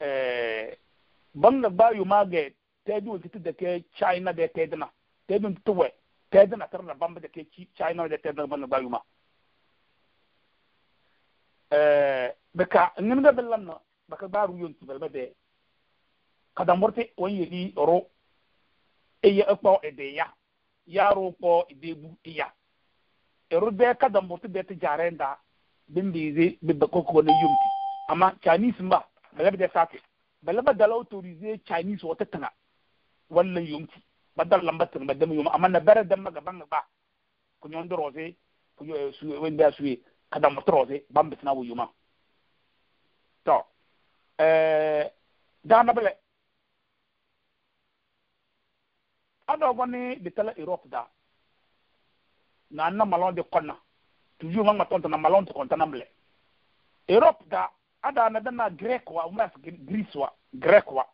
Speaker 1: eh banga ba yu mage tedu kitu de ke china de tedna tedu tuwe tedna tarna bamba de ke china de na tedna banga ba yu ma eh beka ngana da bala na ka ba ru yunti bala de kadamorte wọn yi ni ro eye e ede ya ya ko kpɔ bu e ya ero bɛɛ kadamorte bɛɛ te jaarɛn da bimbiize bɛ koko ne yomti amma chinese ba bɛlɛ bɛ dɛ saate bɛlɛ bɛ dala autoriser chinese wata tana wallan yumti badal dala lamba tɛŋa ba da yom ama na bɛrɛ dɛmɛ ga baŋa ba ko ɲɔn dɔrɔze ko ɲɔ su wɛn da su ye kadamorte rɔze ban tana tɛna wo yoma tɔ ɛɛ eh, daanabɛlɛ ado goni de tala da na anna malon de konna toujours ma tonta na malon to konta namle europe da ada na dana grek wa umas greece wa grek wa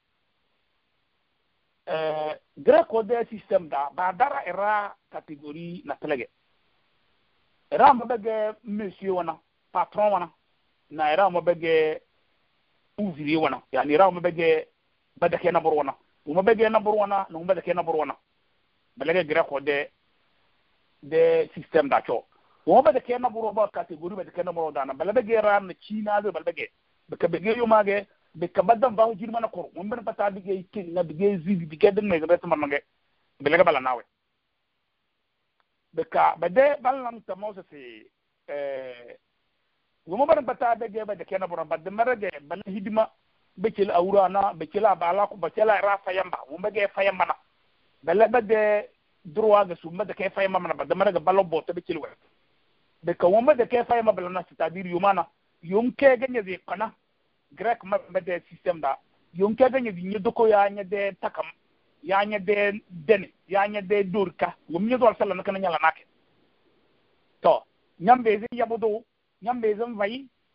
Speaker 1: eh wa de system da ba dara era kategori na telege era mo bege monsieur wana patron wana na era mo bege ouvrier wana yani era mo bege badake na wana uma bege na burwana no umbe ke na burwana balege gira ko de de system da cho uma be ke na buru ba category be ke na buru dana balebe gira na china do balebe be ke bege yo mage be ka badan ba hujir mana ko umbe na pata bege ke na bege zibi bege den me gira tuma mage balege bala nawe be ka be de ta mo se eh wo ban pata bege be ke na ba de mare de hidima bekil awura na bekil abala ko bekila ra fayamba wumbe ge fayamba na bella bade droit ga summa da ke fayamba na bada maraga ballo bota bekil wa be ka wumbe da ke fayamba balla na tadir yumana yum ke ga ne kana grek ma bade system da yum ke ga ne zinye doko ya nya de takam ya nya de dene ya nya de durka wum nya dol sallana kana nyala nake to nyambe zin yabudo nyambe zin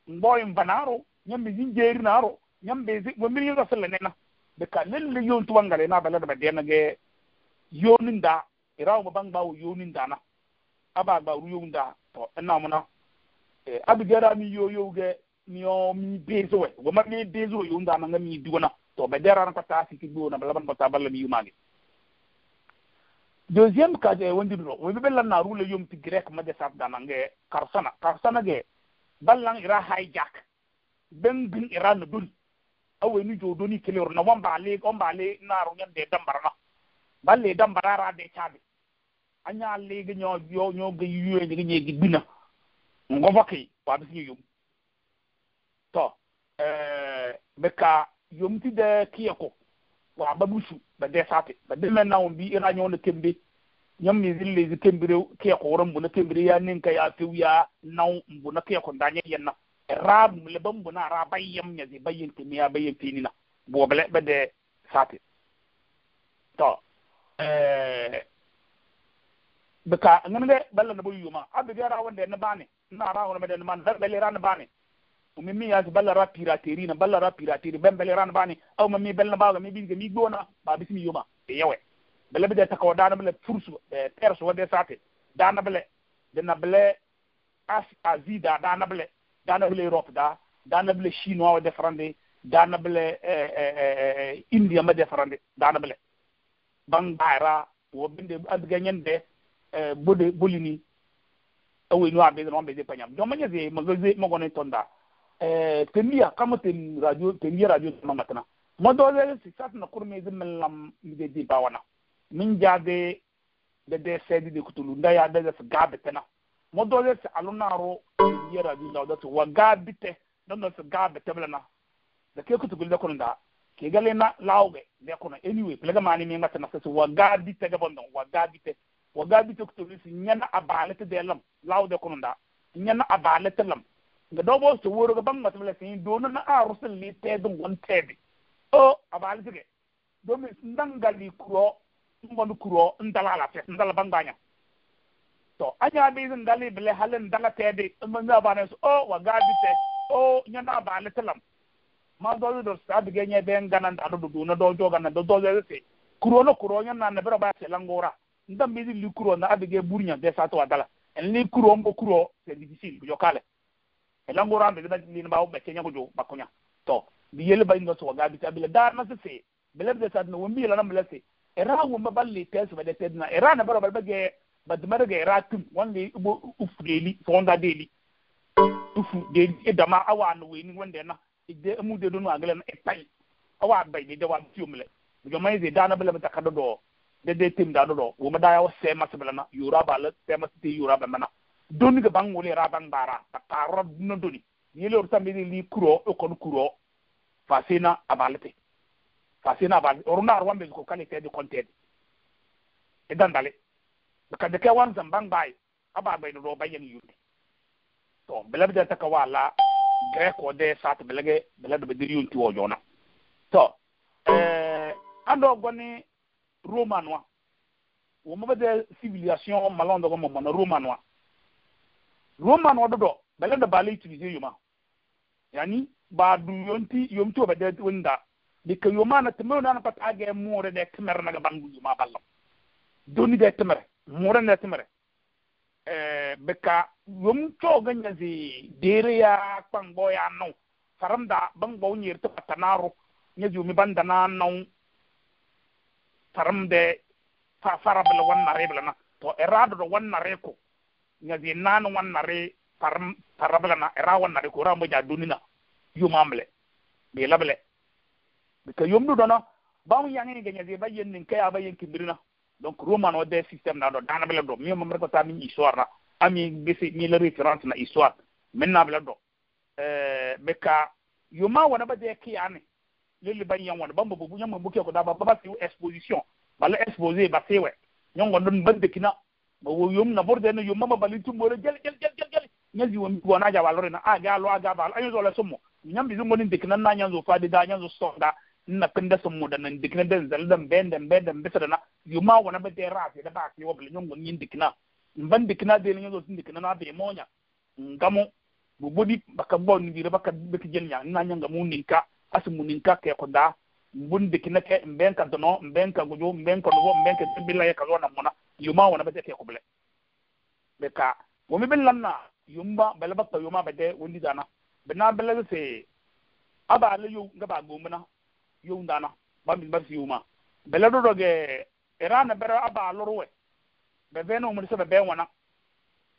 Speaker 1: mbanaro nyambe jeri naro yam bezi bo min yira sel nena be ka lille yon tuwa ngale na bala da dena ge yonin da irawo mo bang bawo yonin na aba b'a ru yonin da to enna mo na e abigera mi yo yo ge ni o mi bezi we wo ma mi bezi wo yonin da na ngami diwona to be dera na pata si kibo na bala ban pata bala mi yumani deuxième kaje e eh, wondiro wo be bella na rule yom ti grek ma de saf da na nge karsana karsana ge ballan ira hijack ben bin ira no duri awe ni jodo ni kele na wan bale on bale na ro nyen de dambara na balle dambara ra de chabe anya le ge nyo yo nyo ge yue ge nye bina ngo bakki wa bis ni yum to eh beka yum ti de kiyako wa babusu ba de sate ba de men na on bi ira e nyo ne tembe nyam mi zille zi tembire kiyako woran bu na tembire ya ninka ya fiu ya naw bu na kiyako ndanye yenna rab le ban buna rabayyam ya zai bayyin timi ya bayyin tini na bo bele be de sati to eh baka ngam de balla na buyu ma abbe gara wanda na bani na ra wona medan man zar bele ran bani umi mi ya balla ra pirateri na balla ra pirateri ben bele ran bani aw ma mi bel na baga mi binga mi gona ba bismi yuma e yawe bele be de takaw dana bele fursu terso wade sati dana bele dana bele as azida dana bele dana bile europe da dana bile chinois o defarande dana bile eh, eh, eh, india ma defarande dana bile ban bara wo binde adga nyande bode bolini awe no abe no be de panyam do manya ze mago ze mago ne tonda eh temia kama tem radio temia radio ma matna mo do ze si sat na kurme ze men lam de di bawana min jade de de sedi de kutulu nda ya de ze gabe tena modole ti alunaro yera di lawda ti wa gabite don se gabite blana da ke kutu gulle kun da ke gale na lawge le kun anyway plaga mani mi ngata na se wa gabite ga bondon wa gabite wa gabite kutu ni si nyana abalete de lam lawde kun da nyana abalete lam ga dobo so woro ga bamma tibla sin don na a rusul li te dun gon tebe o abalete ge domin ndangali kuro mbon kuro ndala la fe ndala banganya to anya bi zin dali bile halin danga tede mun oh, oh, na bane so o wa gadi te o nya na bane telam ma do do sa bi genye ben ngana da do do na do jo ganan do do ze te kuro no kuro nya na ne bero ba te langora ndam mi li kuro na abige burnya de sa to adala en li kuro mbo kuro c'est difficile yo kale e langora be da ni ba o be kenya ko jo bakonya to bi yele ba ndo so wa te na se se de sa mi la na se era wo mba ba de te na era na ba ge but badumari ga iratum wanda ibo ufu deli fonda deli ufu deli edama awa anu ni wanda na ide mu de e do donu agle na etai awa bai de dawa tiumle ga mai ze dana bala mata kado do de de tim da do wo ma da yawa sai masu bala na yura bala sai masu te yura bala na doni ga bang wole ra bang bara ta karo no do ni ni le orta mi li kuro o e, kon kuro fasina abalete fasina abalate oruna arwa mbe ko kale de kontete e dandale ka de ka wan zamban bai aba bai do ba yin yuri to belab da ta ka wala greko de sat belage belab be diri yuli wo na to eh ando goni romanwa wo mo bade civilisation malon ko mo na romanwa romanwa do do belab da bale utiliser yuma yani ba du yonti bade ba de wanda dika yoma na temero na pataage mo re de kemer na ga bangu yuma ballo doni de temere mura na timre eh, beka yom to ganya zi dere ya kpangbo ya no faram da bangbo nyir to patanaru nya zi mi banda na no faram de fa farabla wan mare rebla na to erado do wan mare ko nya zi nan wan mare re faram farabla na era wan mare ko rambo ja dunina yumamle be labele beka yom do dona bamu yangi ganya zi bayen nin kaya bayen kibirina donc roman o de système na do dana bela do mi mo ko ta mi histoire na ami bisi mi le référence na histoire maintenant bela do euh beka yuma wona ba de ki ane le le ban yan wona bamba bu nyama bu ko da ba ba fi exposition bala exposer ba sewe nyongo don ban de kina ba wo yum na borde no yuma ma bali tumbo le gel gel gel gel gel nyazi won wona ja walore na aga lo aga bal ayo zo la somo nyambi zo ngoni de kina na nyanzo fa de da nyanzo sonda nakenda somuda na ndikina zalda mbende mbende mbesada na yuma wana bete rafi da baki wa bla nyongo nyi ndikina mban ndikina de nyongo ndikina na be monya ngamo bubudi baka bon dire baka beti jenya na nyanga muninka asumuninka ke ko da mbun ndikina ke mbenka dono mbenka gojo mbenka no mbenka tibila ya kalona mona yuma wana bete ke ko bla beka wumi billanna yumba balabakta yuma bete wondi dana bina belaga se aba alayu ngaba gomuna yowndana bambil mbar si yuma ɓe laɗoɗoge irana ɓeɗo abba alorwe ɓe beno mudi so ɓe ben wona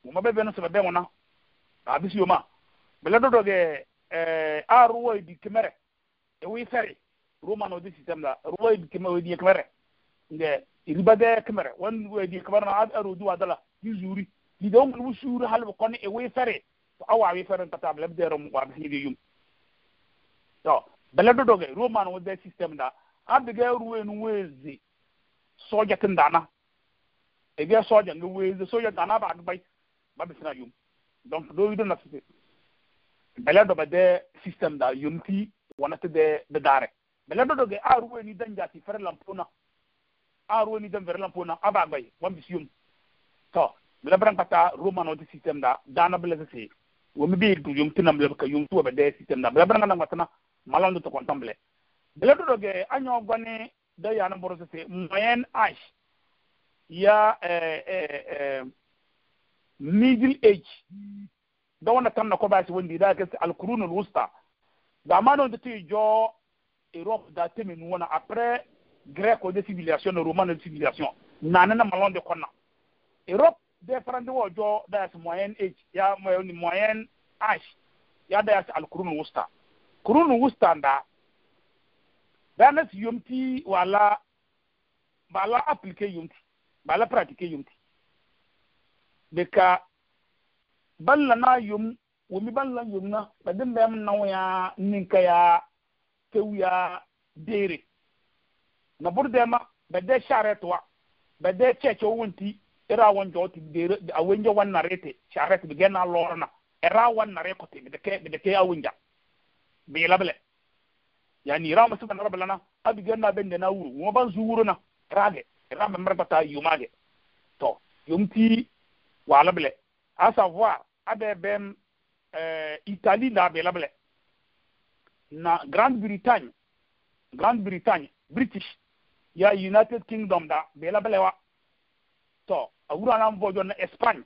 Speaker 1: woma ɓe beno so ɓe ben wona abisi yoma ɓe laɗoɗoge a ruwoy di kemere e wi feri roman odi systéme la ruwoy di kemere wedi kemere nde ribade kemere won wedi kemere na aro duwa dala di zuri ɗiɗo ngon wu suuri halɓe kono e wi feri to awa wi feri tata ɓe laɓdeero mu ko abisi yiɗi yum to bele dodo ge roman wo ze system da adige ruwe nu weze soja tin dana ege soja nge weze soja dana ba dubai ba bi sina yum donc do yido na bɛlɛ dɔ bɛ de system da yum ti wana te de de dare bele dodo a ruwe ni danja ti fer lampona a ruwe ni dan fɛrɛ lampona aba gbai wan bi siyum to bele bran pata roman wo system da dana bele se wo mi bi du yum tinam bele ka yum tuwa be de system da bele bran na ngatna malandu to kontomble beleto doge anyo goni da yana borosese moyen age ya eh, eh, middle age da wanda tamna ko basi wanda da kasi alqurun alwusta da mano de ti jo europe da temin wona après greco de civilisation romane de civilisation na nanana malonde konna europe de frande wo jo da moyen age ya moyen age ya da alqurun alwusta kurunu wustanda dana si yumti wala bala aplike yumti bala pratike yumti beka balla na yum wumi balla yum na badin bem na wya ninka ya tewya dere na burdema bade sharetwa bade cheche wunti era wonjo ti dere awenjo wan narete sharet bigena lorna era wan nare ko te bideke bideke awenja ya ni ramu suka na na abi ganna ben de na wuru wo ban su wuru na rage ramu marabata yumage to yumti labele a savoir abe bem euh, italie na bilable na grande bretagne grande bretagne british ya united kingdom da bilable wa to a wura na vojo na espagne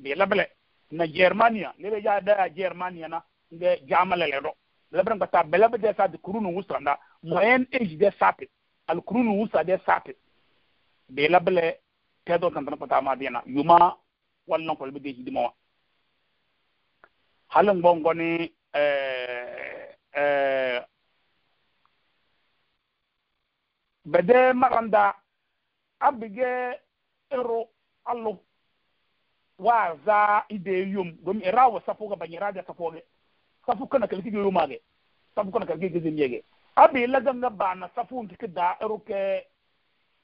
Speaker 1: bilable na germania lele ya da germania na nge jamalele do lebre ngba ta bele be desa de kurunu wusa nda moyen age de sapi al kurunu wusa de sapi be labele tedo kan tan pata ma dina yuma wallan kolbe de hidima wa halan bon goni eh eh bede maganda abige ero allo wa za ide yum gom irawo safoga banyira da safoga safukan kana kalki gi rumage safukan kana kalki gi yage abi la ganga na safu ntiki da eruke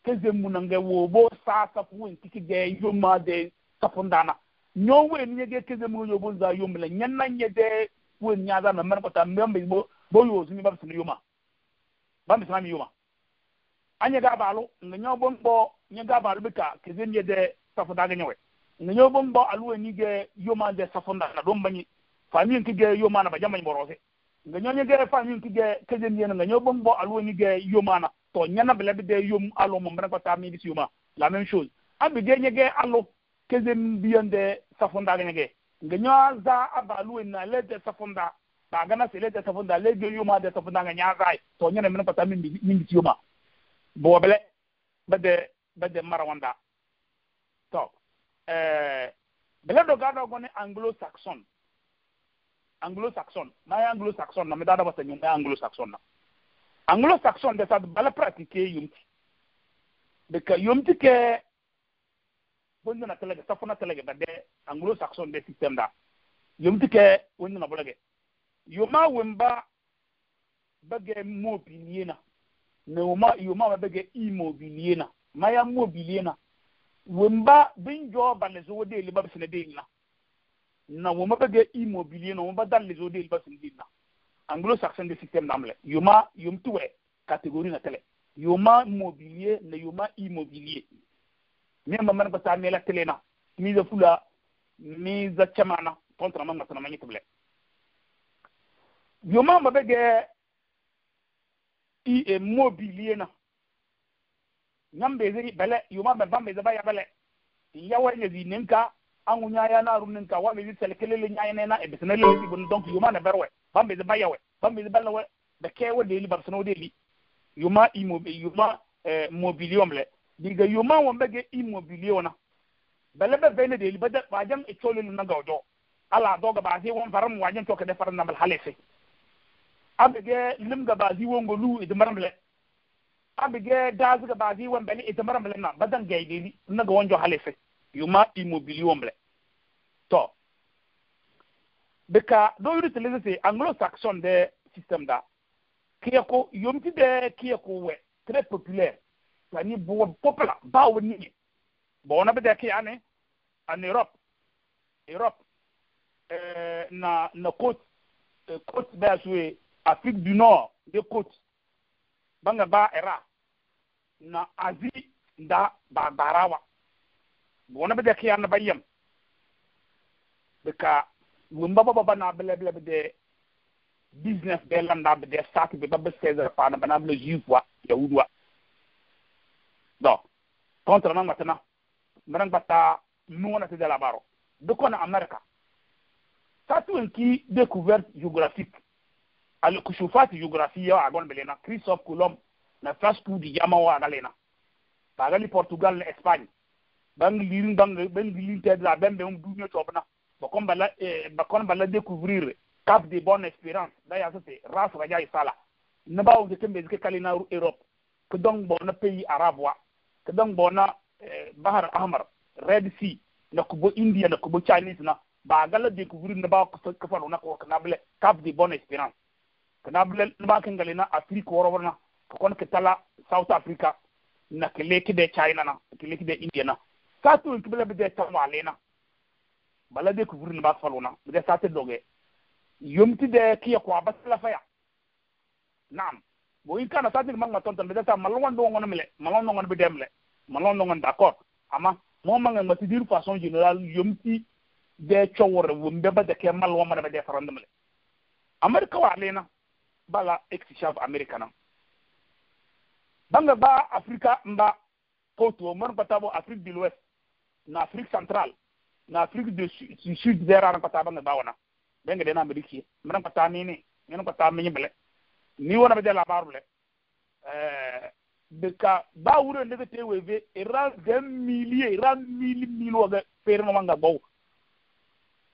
Speaker 1: ke zemu nge wo bo sa safu ntiki ge yoma de safun dana nyo we ni yage ke zemu yo bo za nyen na yomla de wo nya za na man kota mbe bo bo yo ba babsu yoma bambe sami yoma anya ga ba lo nga nyo bon bo mbo nya ga lo bika ke zemyede safu daga nyowe nga nyo bon bo mbo aluwe nyige yoma de safun safu ndana dombanyi famille kige yo yomana ba jamany borose nga ñoo ñu gere famin kige kejen yena nga ñoo bam bo alu ñu ge yomana to ñana bi la de yom alu mum rek ko tammi bis yuma la même chose abi ge ñu ge alu kejen biyande safunda ga ñege nga ñoo za abalu alu na le de fonda ba gana se le de fonda le ge yuma de fonda nga ñaa zay e. to ñana men ko tammi min bis yuma bo bele ba ba bade marawanda to eh bele do gado gone anglo saxon anglo-saxon na ye anglo-saxon na mi da daba sanyo na anglo-saxon na anglo-saxon de sad bala pratique yumti de ka yumti ke bonde na telege safo na telege da de anglo-saxon de system da yumti ke wonde na bolege yoma wemba bage mobilier na ne yoma yoma bage immobilier na maya mobilier na wemba bin jo balezo de liba bisne de na na wo ma bege immobilier na wo ma dal les odel ba sin dinna anglo saxon de système namle yoma yom tuwe catégorie na tele yoma mobilier na yoma immobilier mi ma man bata ne la tele na mi za fula mi za chamana kontra ma ngatana ma nyitle yoma ma bege i e mobilier na nyambe zeri bele yoma ba bambe za ba ya bele yawa nyazi nenka angu nyaaya na runin ka wa mi di sel kelele nyaaya na e bisna lele ti bun donc yuma na berwe bambe di bayawe bambe di balawe da kewa deli de deli yuma imo yuma eh, mobilium le diga yuma won bege immobilio na bele be bene de bada wajam e cholul na gawdo ala doga ba si won faram wajam to de faram na mal halefe abige lim ga ba si won go lu e maram le daz ga ba won e maram le na badan na ga won jo halefe yuma immobilier omble to beka do yuri teleze se anglo saxon de system da kiyako yomti de kiyako we très populaire tani bo popla ba ni bo na bede ki ane en europe europe euh, na na côte euh, côte ba suwe afrique du nord de côte banga ba era na asie nda ba, Bwona bide kyan nabayem. Beka, wou mbaba bwa nan blebleble bide biznes belan nan bide sak bebebe sezer pa nan bina bile jivwa, yawudwa. Don, kontran nan mwate nan. Mwenan bata mwona seze la baro. Dekon an Amerika. Sato en ki dekouvert geografik. A lè kouchoufati geografi yon agon belena. Christophe Coulombe nan flaskou di yaman wangalena. Bagani Portugal le Espany. bang lirin bang ben lirin te la ben ben ba chopna eh, ba kon ba la découvrir cap de bonne espérance da ya sote rasu ga jai e sala na bawo ke tembe ke kalina europe ko dong bo na pays arabe wa ko dong bo na
Speaker 2: eh, bahar
Speaker 1: ahmar red sea na ko bo india na ko bo chinese na ba gala découvrir na bawo ko fa na ko na ble cap de bonne espérance kana ble na ba kan galina afrique woro na ko kon ke tala south africa na ke leki de china na ke leki de india na satu in kibla bide tamu alena bala de kufur ni bas faluna bide sate doge yomti de kiya ko abasla faya nam bo in kana sate manga tonton bide ta malon do ngona mele malon do ngona bide mile malon do ngona d'accord ama mo manga ti dir façon générale yomti de chowor wumbe ba de ke malon ma de farandum mile amerika wa alena bala exchange americana banga ba afrika mba kotu mon patabo afrique de l'ouest nan Afrik Sentral, nan Afrik de Sud-Zera, nan pata bange ba wana. Ben gade nan Meriki. Menan pata menye. Menan pata menye ble. Ni wana beden la bar ble. Beka, eh, ba wouren negote wewe, eran gen milie, eran mili mino fermo wange bou.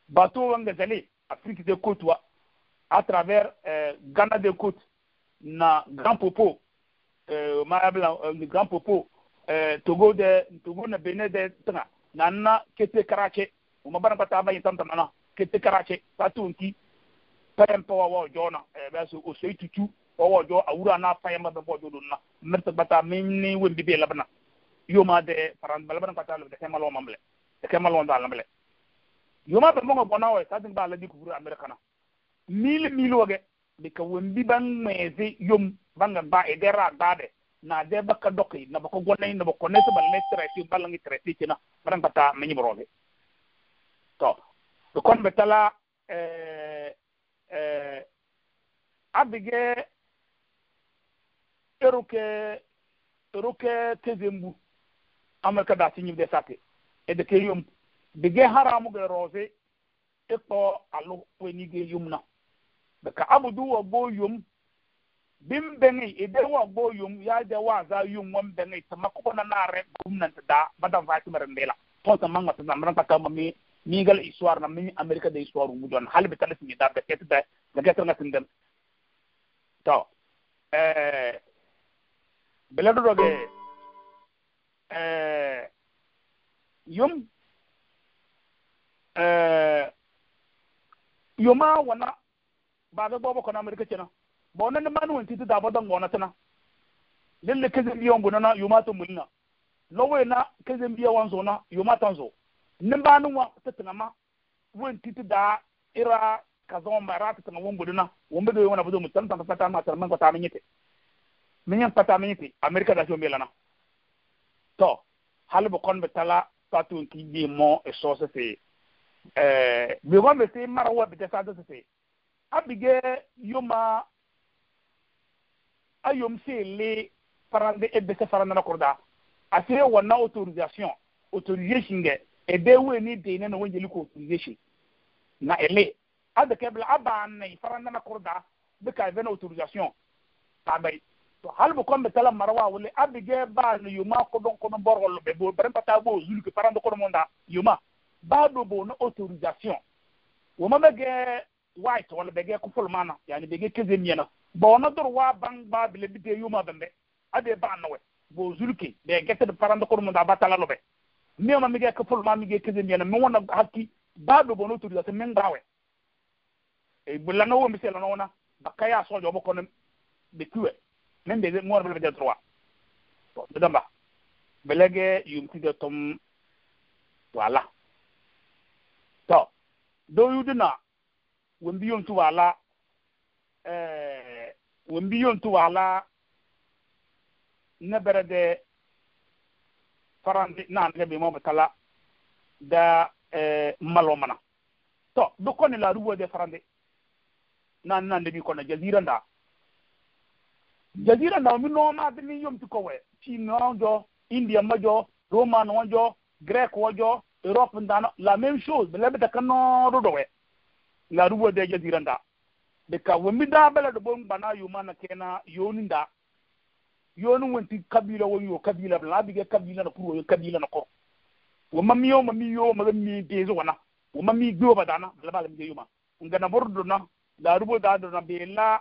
Speaker 1: Bato wange zele, Afrik de Koutoua, a traver eh, Gana de Koutoua, nan Gran Popo, eh, Gran Popo, Togo de Benede, Tenga. nanna kette karace uma bana bata mayi tanta nana kette karace sa tuwonki payempe wawo jona ɓeso eh, o soy tuccu owo jo a wurana payema ɓe mbojo ɗumna mirta bata minni wembi be labna yoma de faran ba labana bata labde kemalo mamle e kemalo da lamle yoma ɓe mogo bona oy sadin ba ladi ko fur americana mille mille woge ɓe ka wembi ban mese yom bangan ba e dera baɓe na de baka doki na bako gonne na bako nesa bal ne traité bal ngi traité ci na barang bata meñi borole to do kon be tala eh eh abige eruke eruke tezembu amaka da ci de sate e de ke yom
Speaker 2: bige haramu
Speaker 1: ge rose e ko alu ko ni ge yumna be ka abudu wa bo yum bin bengi idan wa go yum ya da wa za yum wan bengi ta makuba na na re gumnan da madan fatima rendela to ta ka ta nan ta tota kama mi mi gal iswar na mi amerika da iswar mu don halbi talis mi da da ket da bɛ ket na tin to eh belado doge eh yum
Speaker 2: eh
Speaker 1: yuma wana ba da bobo ko na america kenan bona ne manu nti da bodan ngona tana lille keze biyo ngona na yuma to mulina lowe na keze biyo wanzo na yuma tanzo ne manu wa tatana ma wen titi da ira kazon mara tatana won goduna won be do wona bodo mutan tan tan ma tan man ko ta minyete minyan pata minyete Amerika da jombe lana to halbu kon be tala patun ki bi mo e so se bi gon be se mara wa be ta sa se se abige ayom se le farande e bese farande na kurda asire wana autorisation autorisation ge e be we ni de ne no wonjeli ko autorisation na ele ada ke aban ne farande na kurda be ka be na autorisation tabai to hal bu kon be tala marwa wala abige ba no yuma ko don ko no borol be bo bare pata bo zulu ke farande ko monda yuma ba do bo na autorisation wo ma ge white wala be ge ko fulmana yani be ge bo na dor wa bang ba bile bite yuma bembe ade ba nawe bo zulke be gete de paranda ko mo da batala lobe mi ma mi ge ko pul ma mi ge keze mi na mi wona hakki ba do bo no turi da se men dawe e bulla no wo mi se no na bakaya so jo bo ko be tuwe men be ngor be de droit to de damba belege yum ti de tom wala to do yudina wembi yum tu wala eh wembi yon tu wala nebere de farandi na nabi mo tala da eh, malo mana to do ko la rubo de farandi na na nabi ko na jazira nda jazira nda mi no ma de mi yom ti ko we ti no india ma jo roma no jo grek wo jo europe nda la même chose be lebe de kanodo do we la rubo de jazira nda deka wembi da bela do bon bana yuma na kena yoni da yoni wonti kabila won yo kabila bla bige kabila na kuro yo kabila na ko wo mami yo mami yo ma mi dezo wana wo mami gbo badana bla bala mi yuma ngana bordo na da rubo da do na bela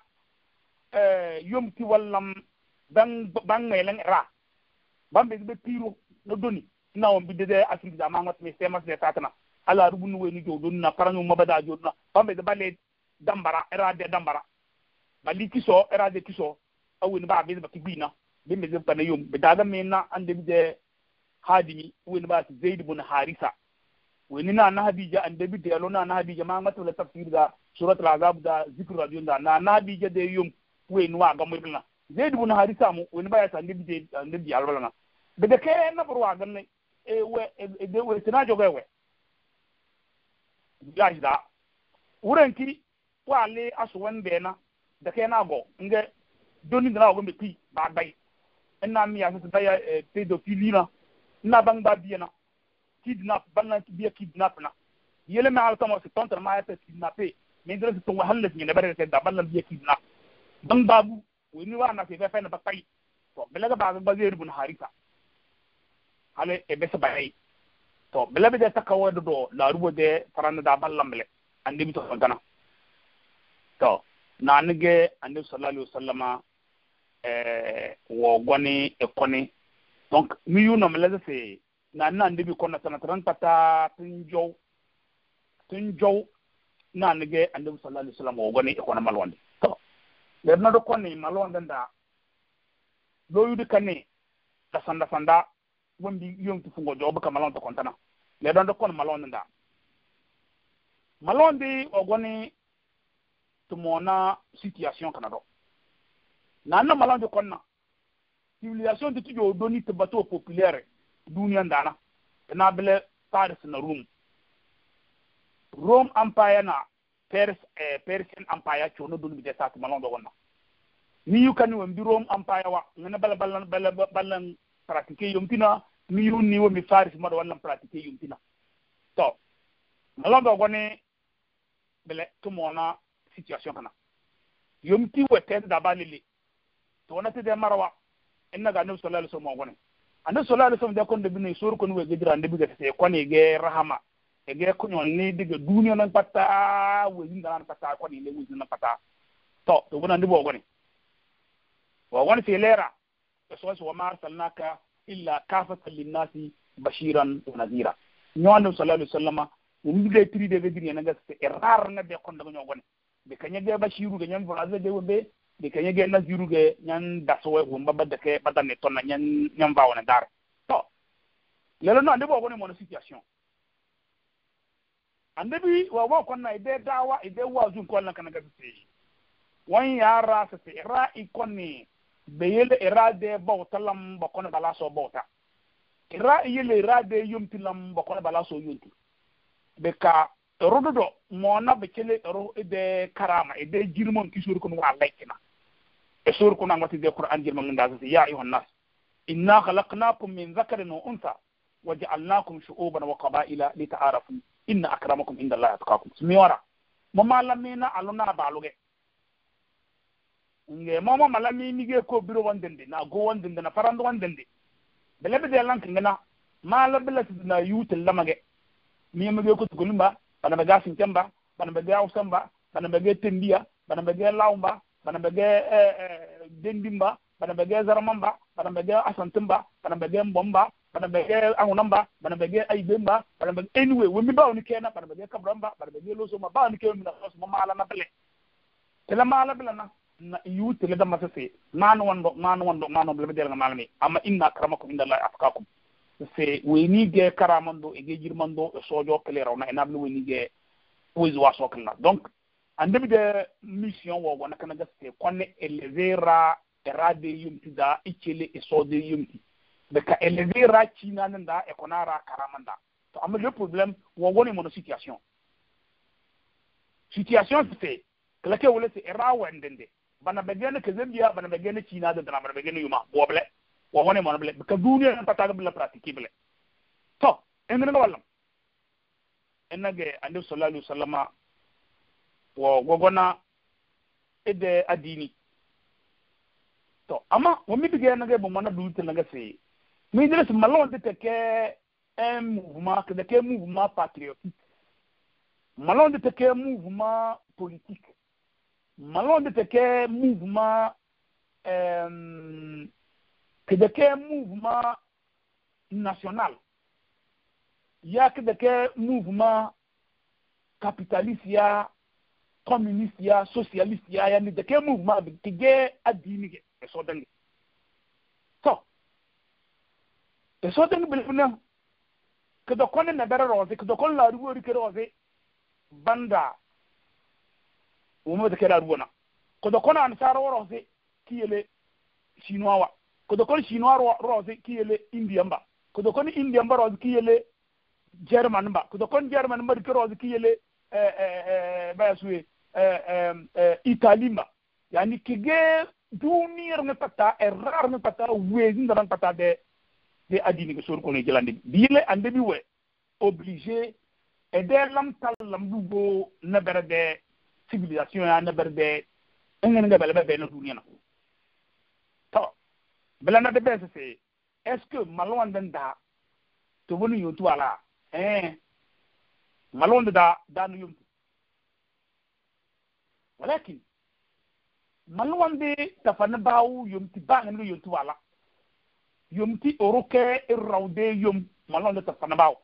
Speaker 1: eh yomti wallam bang bang ngelen ra bambe be piro no doni na won bidde asindi da mangot mi semas de tatana ala rubu ni weni jodun na paranyo mabada jodun bambe de balet dambara era de dambara bali kiso era de kiso awu ni ba be ba kibina be me zan pana yom be daga me na ande bi de hadimi wani ba zaid ibn harisa ni na na hadija ande bi de lo na na hadija ma ngata la tafsir da surat al-azab da zikr radiyun da na na hadija de yom e ni wa ga mu na zaid ibn harisa mu ni ba ya ta ande bi de ande bi alwala na be de ke na burwa wa ne e we e, e de we tana jogewe ya da wurenki wale ale bena da kai na go nge doni da na go meti ba bai ina mi ya su baya eh, pedophilia na na bang ba biya na kidnap ban na biya kidnap na yele ma alta mo se tonta ma ya se kidnape min dole se to halle ni ne bare se da ba na biya kidnap bang bu we ni wa na se fe fe na ba tai to belaga ba ba zai rubun harika ale e be se bai to belabe da takawa do larubo de taranda da ban lamle andi bi to gana to nanige ani sallallahu alaihi wasallama eh wo goni e koni donc mi yu no mele se na na ndibi kona sana tan pata tinjo tinjo nanige ani sallallahu alaihi wasallama wo goni e kona malwande to le na do koni malwande nda lo yudu kane sanda sanda wambi yonti fungo jobu kamalon to kontana le do koni malwande nda malwande wo goni tumona situation kanado na na malam tɩ kɔnna civilisation de tɩ doni te ba o populaire dunia ndana na bele paris na rome rome empire na pers eh, persian empire chono doni de tɛsa tɩ malam dɔ ni yu kani wembi rome empire wa ngana bala bala bala bala pratique tina mi yu ni wo mi paris ma do wala pratique tina to malam dɔ kɔni bilɛ tɩ situation kana yomti wete da balili to wona te de marwa inna ga nabi sallallahu alaihi wasallam wona annabi sallallahu alaihi wasallam da kon de bin sur kon we gidra de bi gete kon e ge rahama e ge kon on ni diga duniya nan patta we yin nan patta kon ni e le we nan patta to to wona ndi bo woni wa woni fi lera e so so ma arsalnaka illa kafatan lin nasi bashiran wa nadira nyon nabi sallallahu alaihi wasallam ni ngi de tri de gidira nan ga se erreur na be kon da nyon woni de kanyege ba shiru ganyan vraze de bi de kanyege na ziru ge nyan dasowe gumba ba de ke bata ne tonna nyan nyan ba wona dar to lelo no ndebo ko ne mono situation annabi wa wa kon na ide dawa ide wa zun kon na kanaga tsi wan yara sa se ra be yele ira de bauta talam ba kon bala so ta ira yele ira de yumti lam ba kon bala so yumti be ka rododo be kele ro de karama e de jirmon ki sur ko wa lekina e sur nan wati de qur'an jirmon ngada sa ya ayuha nas inna khalaqnakum min dhakarin wa untha wa ja'alnakum shu'uban wa qaba'ila lita'arafu inna akramakum inda allahi atqakum smiwara mama lamina aluna baluge nge mama malami nige ko biro wandende na go wandende na farando wandende belebe de lank ngena mala belati na yutel lamage mi yemege ko tugulumba bana be ga sinkemba bana be ga usamba bana be ga tendiya bana be ga lawmba bana be ga dendimba bana be zaramamba bana be ga asantimba bana be mbomba bana be ga ahunamba bana be aibemba bana be anyway wemi ba oni kena bana be kabramba bana be ga losoma ba oni kena na losoma mala na bele tela mala bele na na iyu tela da masase nanu wando nanu wando nanu bele be ga malami amma inna akramakum indallahi afkakum se weni ge karamando e ge jirmando e sojo kelera na enable weni ge wiz wa sokla donc ande bi de mission wo wona kana gaste konne elevera erade yumti da ichele e de yumti be ka elevera china nda e konara karamanda to am le problème wo woni mono situation situation c'est ke wole se era wendende bana begene ke zambia bana begene china da bana begene yuma boble wa wone mona bele ka duniya n'a pataga prati ki bile. to enrenga wallam ennage annabi sallallahu sallama, wasallama wo gogona ede adini to amma wami bige nage e bo mona dulite naga se mi dire se malon de teke un e mouvement que de ke mouvement patriotique malon de teke mouvement politique malon de teke mouvement euh, kideke mouvement national ya kideke mouvement capitaliste a communiste ya socialiste ya de deke mouvement tige adini ke eso dangi so eso dangi bilbina kido kone na bere rozi kido kone la ruwo rike rozi banda umu deke la ruwo na kido kone qui est le chinois kodo chinois rose kiyele indian ba kodo kon indian ba rose kiyele german ba kodo kon german ba ke rose kiyele eh, eh, baya suwe eh, eh, eh italie ba yani kige duniyar ne pata errar ne pata wezin da pata de de adini ke sur kono jelande bile ande bi we obligé e de lam tal lam dugo na berde civilisation ya na berde ngene ngabele be be na duniya na bilana na bɛn sese est ce que malɔn de da tobo ni yontu ala ɛn eh, malɔn de da da ni yontu walakin malɔn de tafa ne baawu yomti baaŋa ni yontu ala yomti oro kɛ iraw de yom malɔn de tafa ne baawu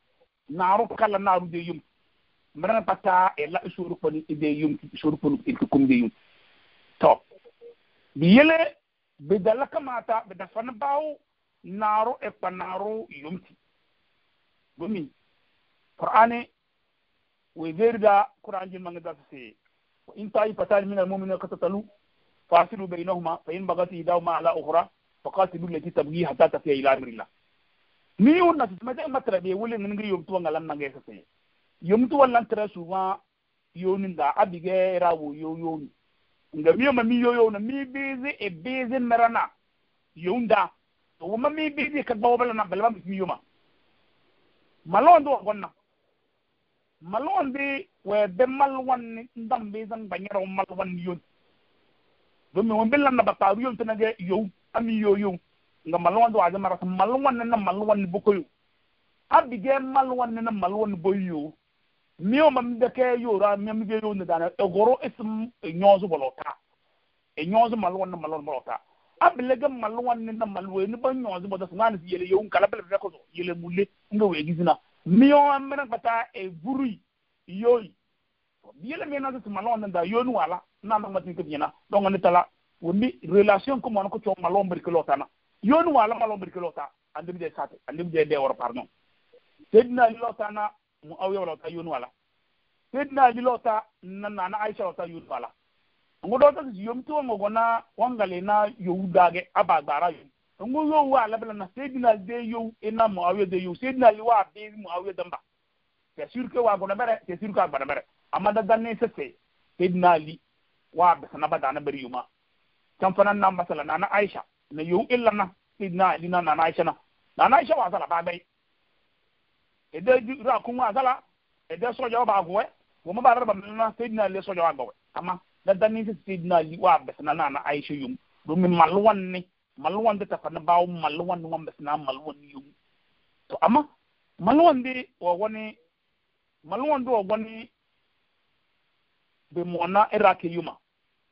Speaker 1: naaru kala naaru de yom mɛrɛn pata ela isoro kpɔni de yom isoro kpɔni ekukum de yom tɔ bi yele. bidala kamata bida fana bawo naro e kpa naro yomti gomi qur'ane we verda qur'an jin manga dasu se wa in ta'i fatal min al-mu'minin qatatalu fasilu bainahuma fa in bagati idawma ala ukhra faqatilu allati tabghi hatta tafiya ila amrillah ni wonna ti mata matra be wule ngri yomtu wanga lan nanga se yomtu wallan tra souvent yoninda abige rawo yo yoni nga miyo ma mi yoyo na mi bizi e bizi merana yunda to wuma mi bizi e ka gbawo bala na balaba mi yuma malondo wonna malondi we be mal wonni ndam bi zan banyero mal wanni yon do mi won bella na bataru yon tan ge yo ami yo nga malondo wa aja marata mal wanni na mal wanni bokoyo abige mal wanni na mal wanni boyo mio ma mbe ke yura mio mbe yo ne dana e goro isim nyozo bolota e nyozo malon na malon bolota abele ga malon ne na malwe ne ban nyozo bota suna ne yele yo ngala bele bele kozo yele mule ngo we gizina mio amena bata e buru yoi biele me na zo malon na da yo nu ala na na matin ke nyina donga ne tala wumi relation ko mon ko to malon bir kilota na yo nu ala malon bir kilota andi de sate andi de de war parno sedna lota na mu muawiya wala ta yonu wala sidna ji lota na na aisha wata yonu wala ngo dota si yom to ngo gona wangale na ab'a abagbara yo ngo yo wa bela na sidna de yo ina muawiya de yo sidna li wa be muawiya damba c'est sûr que wa gona bere c'est sûr que gona da amada danne se sidna li wa be sana dana bari yuma kan fana na masala na na aisha na yo illa na sidna li na na aisha na na aisha wa sala ba bai ede ju ra kun wa sala ede so jaw ba gowe wo ma bara ba na sayyidina le so jaw ba ama, amma da dan ni sayyidina ali wa basna na na aisha yum do min malwan ni malwan da ta fa na bawo malwan ni wan basna malwan ni yum to amma malwan de wa wani malwan do wa wani be mona irake yuma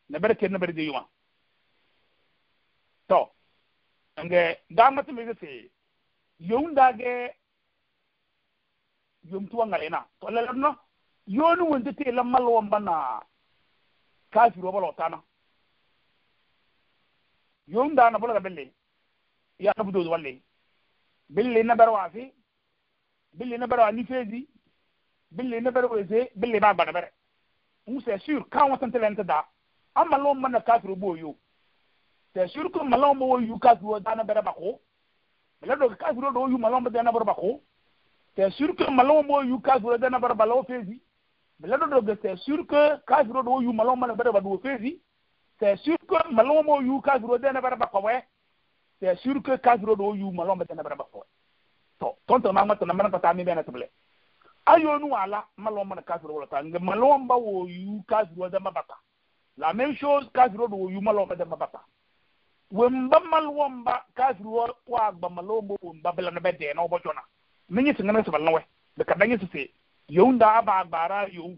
Speaker 1: na berke na berde yuma to nge gamatu mi se yum da ge yom tuwa na to lalar no yoni wonde te la mal won bana kafiro bolo tana yom dana bolo belle ya na budo walle belle na barwa fi belle na barwa ni fezi belle na barwa ze belle ba bana bare on c'est sûr quand on s'entend lente da amma lon bana kafiro bo yo c'est sûr que malon yu kafiro dana bare bako bele do kafiro do yu malon bana bare bako c'est sûr que malon bo yu kafiro dana bar balaw fezi do do c'est sûr que kafiro do yu malon na bara badu fezi c'est sûr que malon bo yu kafiro dana bar ba kawe c'est sûr que kafiro do yu malon na dana bar ba kawe to tonto ma ma tana mana pata mi bena table ayo nu ala malon mana kafiro ta tanga malon ba wo yu kafiro dana bata la même chose kafiro do yu malon ba dana bata wemba malwomba kafiro kwa ba malombo wemba bela na bede na obojona Menye se ngane se valanwe, dekade nye se se, yon da a bagba ra yon,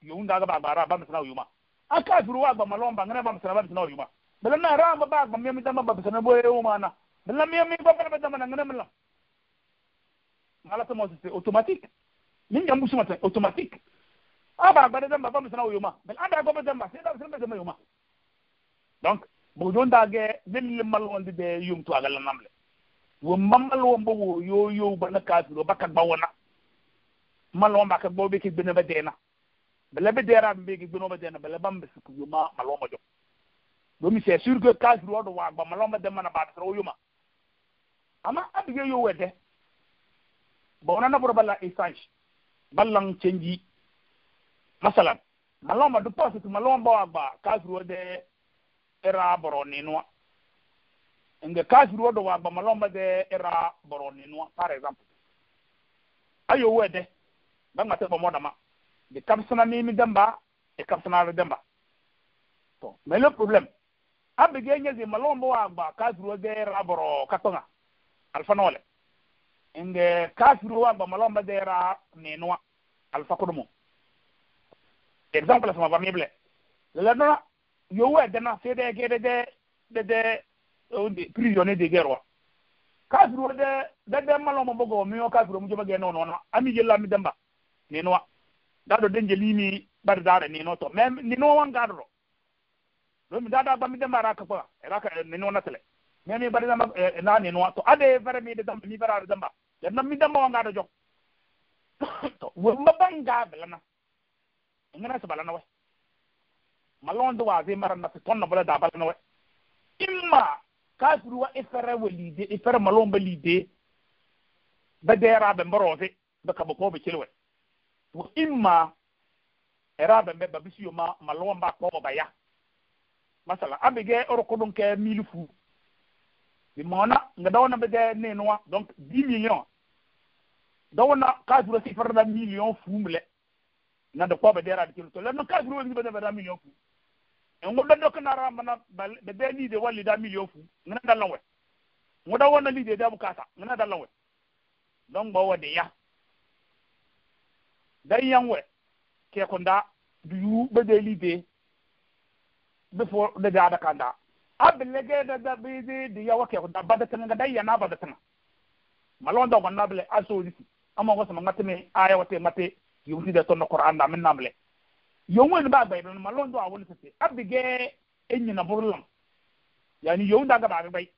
Speaker 1: yon da a bagba ra ba misna ou yon ma. A ka zuru bagba malon ba, nge ne ba misna ou yon ma. Belen nan ramb bagba, miyami daman ba, misna ou yon ma na. Belen nan miyami babbe daman, nge ne me la. Nga la se mwase se, otomatik. Njen jan mwase mwase, otomatik. A bagba de zemba, bagba misna ou yon ma. Belen nan bagba de zemba, misna ou yon ma. Donk, mwase yon da ge, zem li malon di de yon to a galan namle. wo mamal wo mbo wo yo yo bana kafiro baka gbawona malo mbaka gbaw be ke gbena ba dena bele be dera be ke gbena ba dena bele bam be suku yo ma malo ma jo do mi c'est sûr que kafiro do wa gba malo ma de mana ba tro yo ma ama adige yo wede bona na borbala isanj ballan chenji masalan malo ma do passe tu malo mba wa gba kafiro de era boroni noa nge kafiri wo do wa gbamalɔmba de era boroni nua par exemple ayo wo de ba ŋmate bomo dama de kapsana mimi demba e kapsana re demba to mais le problème abege nye zi wa gba kafiri wo de era boro katonga alfa nole nge kafiri wo wa gbamalɔmba de era ninua alfa kodomo exemple sama variable le lana yo wo de na se de ge de de de prisonnier de guerre Kafir kafiro de de de malo mo bogo mi o kafir mo joba ge no no ami jella mi demba ni no da do denje limi bar dare ni no to mem ni no wan garro do mi da da ba mi demba ra raka kwa e ka e, ni no na tele mem mi bar dama e, na ni no to ade fere mi de demba mi bar demba de na mi demba wan garro jok to wo mbanga na ngana sa bala na we malon do wa ze maran na to na bala da bala na we imma kafiri e wa ifere e wa lide ifere e malon ba lide ba dera ben barote ba kabo ko be wɛ wa imma era ben ba bisiyo ma malon ba ko ba ya masala bɛ kɛ ko don ke milifu bi mɔna nka dawna be de ne noa donc 10 millions dawna kafiri wa ifere da million fumle na da ko ba dera de kilwe to la no kafiri wa ni ba da million fumle ngoda dok nara mana be be ni de walli da million fu ngana da lawe ngoda wona li de da bukata ngana da lawe don bo wode ya dan yanwe ke ko nda du be de li de be fo de da da kanda abile ge da da be de de ya wake ko da bada tanga da ya na bada tanga malon da ko na bele aso disi amma ko sama ngatme aya wate mate yuti da to no qur'an da min namle yòówù ni bá bẹ̀rẹ̀ nínú ma sese, àwọn sẹ̀sẹ̀ abigẹ́ ẹ̀yìnà buru lam yàni yòówù dàgà bàbá bẹ́ẹ̀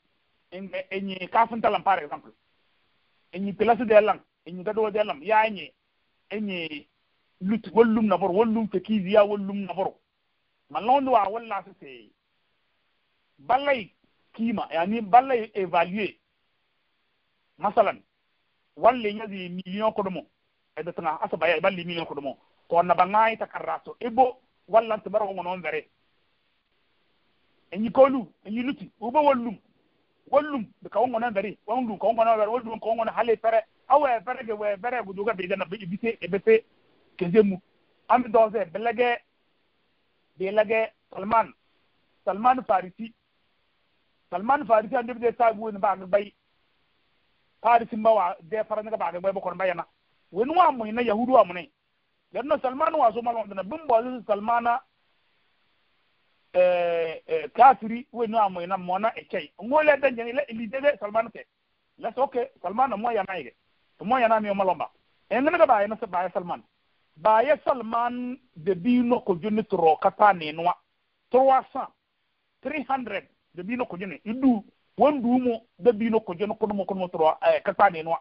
Speaker 1: ẹ̀yìn ẹ̀yìn káfíńtà talan par exemple ẹ̀yìn pilasi dẹ̀ lam ẹ̀yìn gadogo dẹ̀ lam yà ẹ̀yìn ẹ̀yìn lut wọlum na buru wọlum fẹkìzì yà wọlum na buru ma lọ́ndọ̀ àwọn la sese, balayi kima yani balayi évaluer masalan wàllu yẹn zi miliyɔn kodomo ẹ̀dọ̀ tanga asa ìbá li million kodomo. ko na bangai ta karato ibo wallan ta barwa non vere enyi kolu enyi luti ubo wallum wallum da ka wongo non vere wongu ko wongo non vere wallum ko wongo hale fere awe fere ge we fere gudu ga bidana bi bise e bese kezemu am doze belage belage salman salman farisi salman farisi an debde tagu ni ba bai farisi mawa de faranga ba bai bokon bayana wenu amu ina yahudu amu لأنه سلمان واسو مالو عندنا بمبوزي سلمان kafiri we no amoy na mo na ekei ngole da njani le ili dede salman ke la soke salman mo ya naige mo ya na mi mo lomba en ngene ba na ba salman ba ya salman de bi no ko juni tro kata ne no 300 300 de bi no ko juni idu wondu mo de bi no ko juni ko mo ko mo tro kata ne no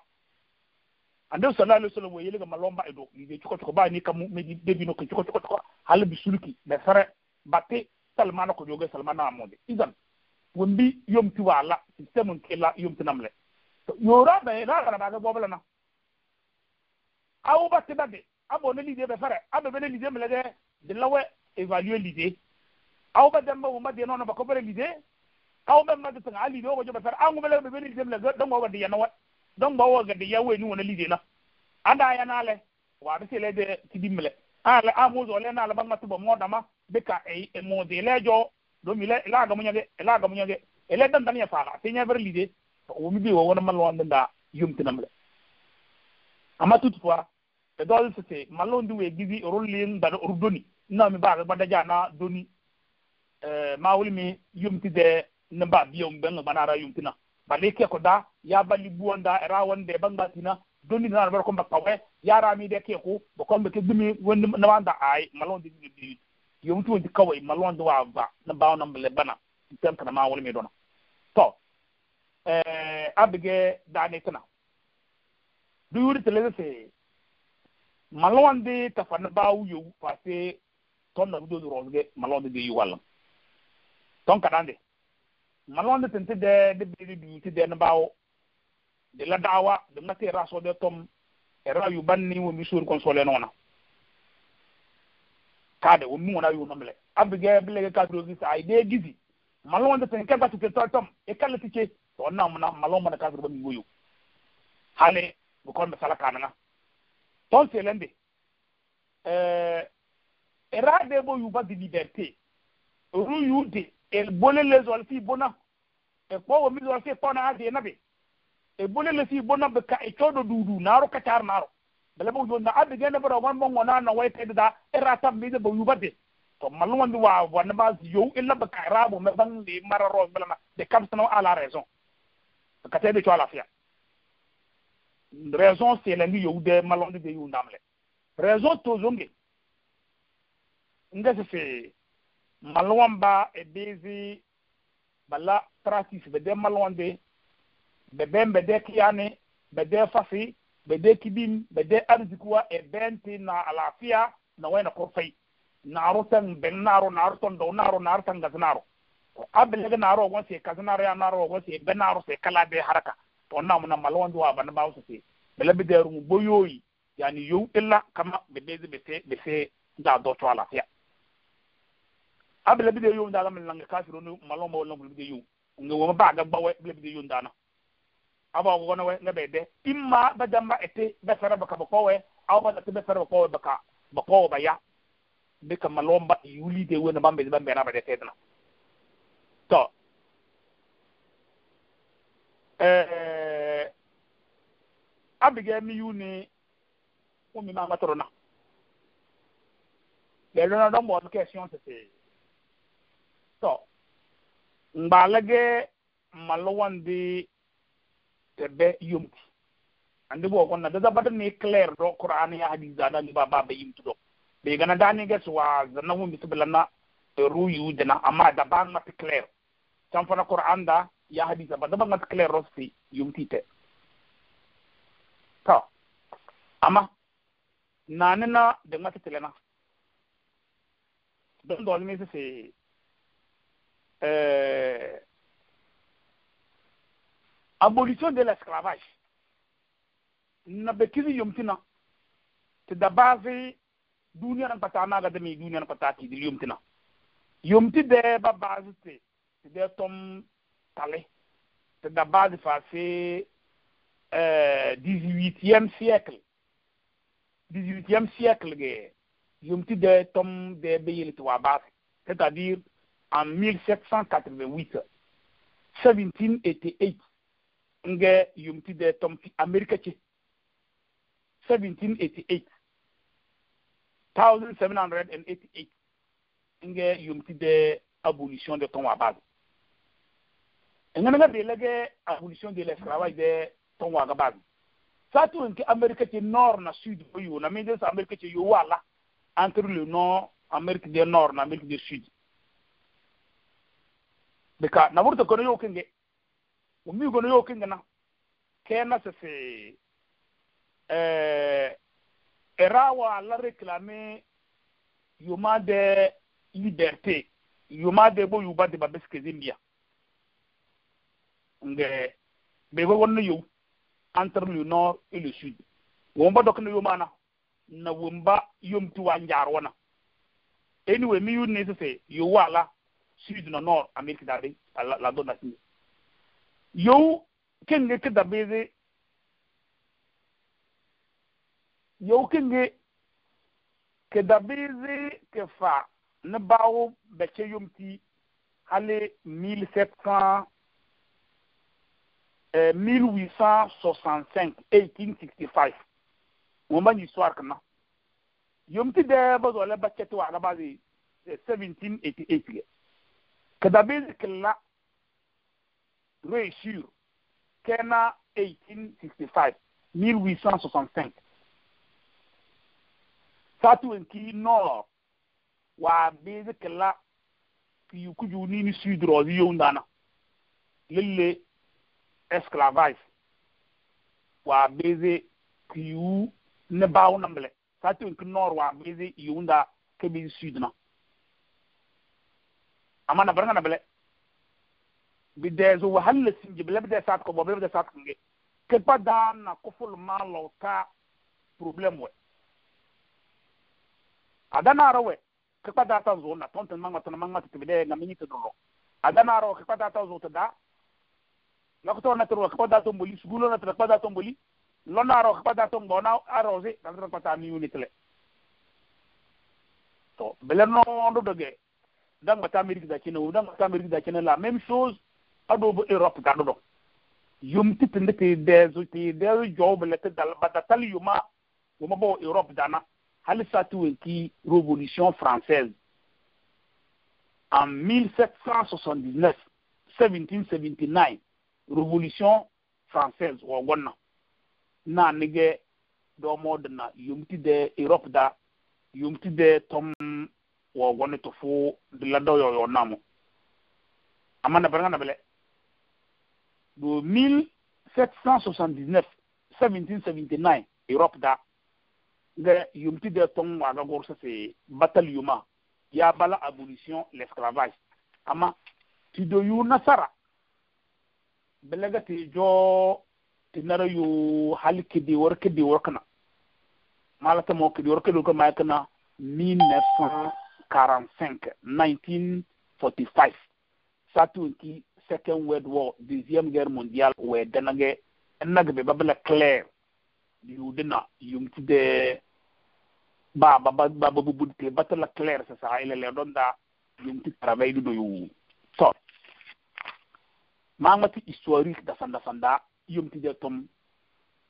Speaker 1: annabi sallallahu alaihi wasallam yeliga ma lomba e do yiɓe cuka cuka ba ni kam meɗi debino ko cuka cuka cuka hal bi sulki be fere batte salmana ko joge salmana amode isan won yom ti wala yom ti namle to yora be gara yoraɓe lagaramaga boblana awu batte batte abo ne lide be fere be ne lide mele de de lawe évalué lidé awo ɓe demba wo mbadde nono ba ko ɓere lidé awo ɓe mbadde taga a lidé go joɓe fere angu lide mele lidé melege ɗongogo de yanowe donc ba wo gade yawe ni wona lide na ada ya na le wa be sele de tidi mle ala amuzo le na la banga tubo moda ma be ka e e mo de le jo do mi le e la ga munya de e la ga munya de ele dan dan ya fara te nya ber lide o mi bi wo wona man wonde da yum tinam e le ama toutefois e dol sete malondi we givi rollin da urdoni na mi ba ba daja na doni eh mawul mi yum tide ne ba biyom ben banara yum tina ba le ke ko da ya balli buwanda ra wanda e bangatina donni nan bar ko mbakka we yarami de ke ko bo ko mbake dumi wondi na wanda ay malonde di di yomtu wonti kawai malonde wa va na bawna mbele bana tan kana ma woni mi to eh abige dane tana du yuri tele se malonde ta fa na bawu yu parce ton na do do rozge malonde de yu wala ton kadande malonde tente de de de du ti de na bawo de la dawa de na tera so de tom era yu banni wo mi sur kon sole nona kade wo mu na yu nomle abige bile ka do gi sai de gizi malon de pen ka batu ke to tom e kala ti ke to na mu na malon ma ka do ba mi wo hale bu kon sala kananga ton se lende euh era de eh, e bo yu ba de liberté ru yu de el bole les olfi bona e ko wo mi do se pona ade na e bole le si bona be ka e todo dudu naro ka tar naro bele bo yonna adde gene wan na wayte da erata mi de bo yubade to wa wan ma yo illa e be ka rabo me ban mara mararo bele ma de kam sano a la raison ka te de la fia raison c'est la ni yo de malonde de yundamle raison to zonge ngese se malwan ba e bezi bala pratis be de bɛbɛn bɛdɛ kiyani bɛdɛ fasi bɛdɛ kibin bɛdɛ arzikuwa ɛbɛnti e na alafiya na wɛna kɔfɛi naaro tɛn bɛn naaro naaro tɔn dɔw naaro naaro tɛn naaro a bɛlɛgɛ naaro wɔn se kasi naaro ya naaro wɔn se bɛ naaro se kala bɛ haraka tɔn na malɔn do a bana b'aw se bɛlɛ bɛ dɛrɛ mu boyoyi yani yow kama bɛ se se da dɔ to alafiya a bɛlɛ bɛ dɛ yow da la min lange kafiro ni malɔn bɛ dɛ yow nga wɔn ba ga bawa bɛlɛ bɛ yow da na aba go na we na be de imma ba da ma ete be sara ba ka aw ba te be sara ba ko we ba ka ba ko ba yuli e de we na ba be ba be na ba de te na to eh abiga mi yuni o mi ma ma toro na le na don bo question tete. tɔ mbalage mmalụwa ndị be yumtu andi bo konna da zabata ne clair do qur'ani ya hadiza da ni ba be yumtu do be gana dani ga suwa zanna mu bisbilana ru yu dana amma da na ma clair tan fana qur'an da ya hadiza ba da ba ma clair ro si yumti te to amma na da mata tilena don dole me se
Speaker 2: eh
Speaker 1: Abolisyon de l'esklavaj nabekizi yom ti nan. Te da baze dunyan an pata amaga deme dunyan an pata ati di li yom ti nan. Yom ti de ba baze te te de tom tale. Te da baze fase 18e siyekl. 18e siyekl ge. Yom ti de tom de beye li to a baze. Te ta dir an 1788 1788 nge yumtide tomti america ce 1788 1788 nge yumtide abolition de ton wabad ngenanga de lege abolition de l'esclavage de ton wagabad satu nke america ce nord na sud yo na mende sa america wala entre le nord america nord na america du sud beka na wurta kono yo kenge o mi gono yo kingana kena se se eh erawa la réclamer yuma de liberté yuma de bo yuba de babeske zimbia nge be go wonno yo entre le nord et le sud womba dokno yoma na na womba yomti wa njar wana anyway mi yunne se se yo wala sud na nord amerique dare la, la, la donation Yow kende keda beze, yow kende keda beze ke fa, nabawo bete yom ti, hale 1765, 1865, woman yiswar kena. Yom ti de, wala bete ti wala baze, 1788. Keda beze kella, Rè shir, kè na 1865, 1865. Sato en ki nor, wè a beze ke la, ki yu kujouni ni sud rozi yon dan. Lè le eskla vayf. Wè a beze ki yu neba yon nan bele. Sato en ki nor wè a beze yon da ke bezi sud nan. Ama nan vren nan bele, bidɛɛzo wahalla sinji bi lebdɛ saat ko bob lebdɛ saat kinge ke pa daan na kuful maa lɔw taa problem wɛ a danaara wɛ ke pa daa ta zo na tɔn tin maŋma tini maŋma ti tibidɛ ŋa minyi ti dɔrɔ a danaara wɛ ke pa daa ta zuɣu ti daa lɔkutɔr na tiri wɛ ke pa daa tomboli sugulo na tiri ke pa daa tomboli lɔnaara wɛ ke pa daa tombo na arɔzi na tiri ke pa taa miyu ni tilɛ to bele nɔɔndo doge dangba taa mirigi da kini wo dangba taa mirigi da kini la même chose ado bo europe ga do yum titinde ti dezu ti dezu job le te dal badatal yuma yuma bo europe dana hali sati wen ki revolution française en 1779 1779 revolution française wo gonna na nige do modna yum ti de europe da yum ti de tom wo gonna to fu dilado yo yo namo amana baranga na bele de 1779 1779 europe da nga yumti de tong waga gor sa battle yuma ya bala abolition l'esclavage ama ti do yu nasara belaga ti jo ti nara yu hal kidi war kidi war kana malata mo kidi war kidi kana kana 1945 1945 satu ki Second World War, Deuxième Guerre mondiale, ouais, denage, denage be babla clair, yudina, yumti de, ba ba ba ba ba bu bunte, batla clair sa sa, ile le donda, yumti travail du doyu, so. Mangati historique da sanda sanda, yumti de tom,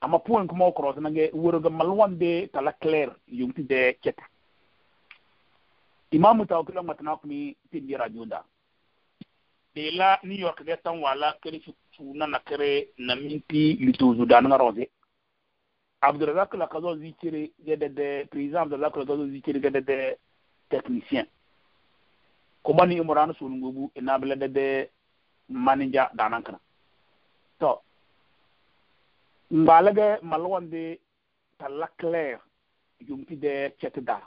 Speaker 1: ama point kuma okoro nange woroga malwande tala clair yumti de keta. Imamu tawkila matana kumi tindira rajunda. la new york de tan wala kere fitu nana kere na minti lituzu dananga roze abdourazak lakazo zikiri gedede président abdourazak lakazo zikiri gedede technicien kobani imorano solungobu enabeledede manija da danankana to mbalege malwande tala clair yumtide cetda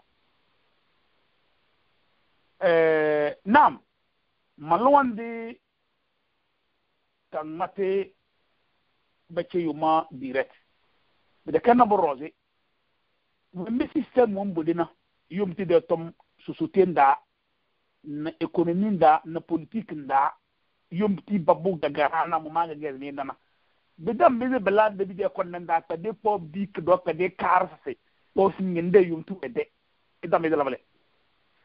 Speaker 1: eh, nam malwandi kan mate bake yuma direct bida kana rose wembe system won budina yumti de tom susuten da na ekonomi da na politik da yumti babu daga rana mu maga gerne dana bidan bizi bilan da bide kon nan da ta de pop dik do ka de kar se to singende yumtu ede idan mi dalabale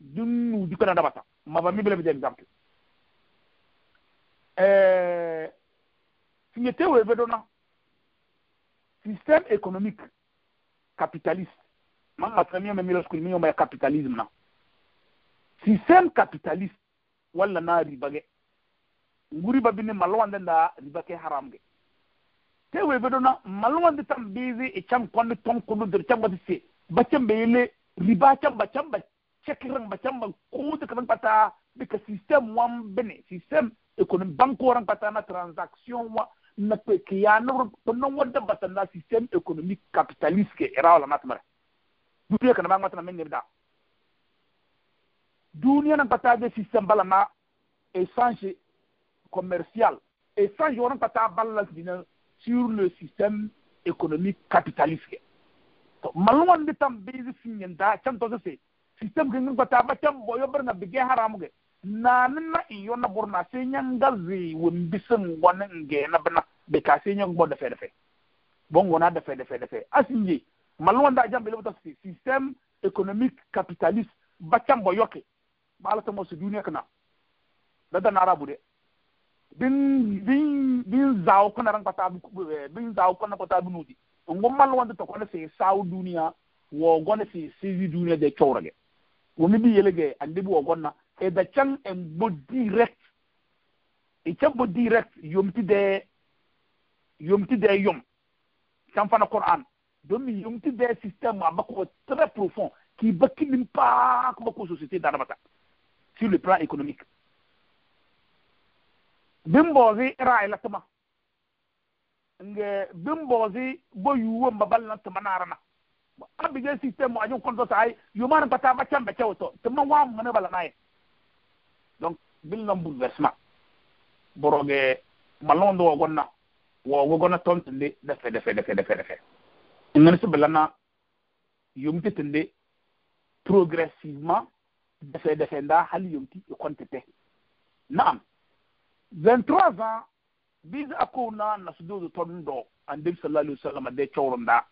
Speaker 1: dun kana dabata mi bele bide exemple eh sinyete dona système économique capitaliste mama premier me milo skuli miyo capitalisme na système capitaliste wala na ribage nguri babine malwande da ribake haramge dona malo wande tam bizi e cham kondi ton kondi der ba cham be bele riba cham cham ba chekirin bacam ban kudu kan pata bika system wan bene system ekonomi banko ran pata na transaction wa na pe kiya na non wadda bata na system economique capitaliste ke era wala matmara duniya kana ba matna men da duniya nan pata de system bala na échange commercial échange wan pata bala dina sur le système économique capitaliste to malwan de tam bezi finyanda cham to se sistem gi ngin ta bacam bo yo barna bige haramu ge na nan na in yona burna sai nyan gazi won bisin wani nge na bana be ka sai nyan gbo da fe da fe bongo na da fe da fe da fe asinje malwan da jambe lobta system economic capitalist bacam bo ke bala ta mosu duniya kana da da narabu de bin bin bin zawo kana ran kwata eh, bin zawo kana kwata binudi ngom malwan da to kona sai sawu duniya wo gona sai sai duniya da kyau wumi bi yelege andi bi wogonna e da can en bo direct e can bo direct yomti de yomti de yom can fana qur'an don mi yomti de système ma bako très profond k'i baki min pa ko bako société darabata sur le plan économique bimbozi ira ila e tuma nge bimbozi bo yuwo mbabal na tuma narana abige system mo ajun konto sai yuman pata bacham bachaw to tumma wa b'a bala nay e. donc bil non bouleversement boroge malon do gonna wo go gonna ton tinde defe defe defe defe defe ngani so belana yumti tinde progressivement defe defe nda hal yumti e kontete naam 23 ans bis akuna nasdudu ton do annabi sallallahu alaihi wasallam de chawronda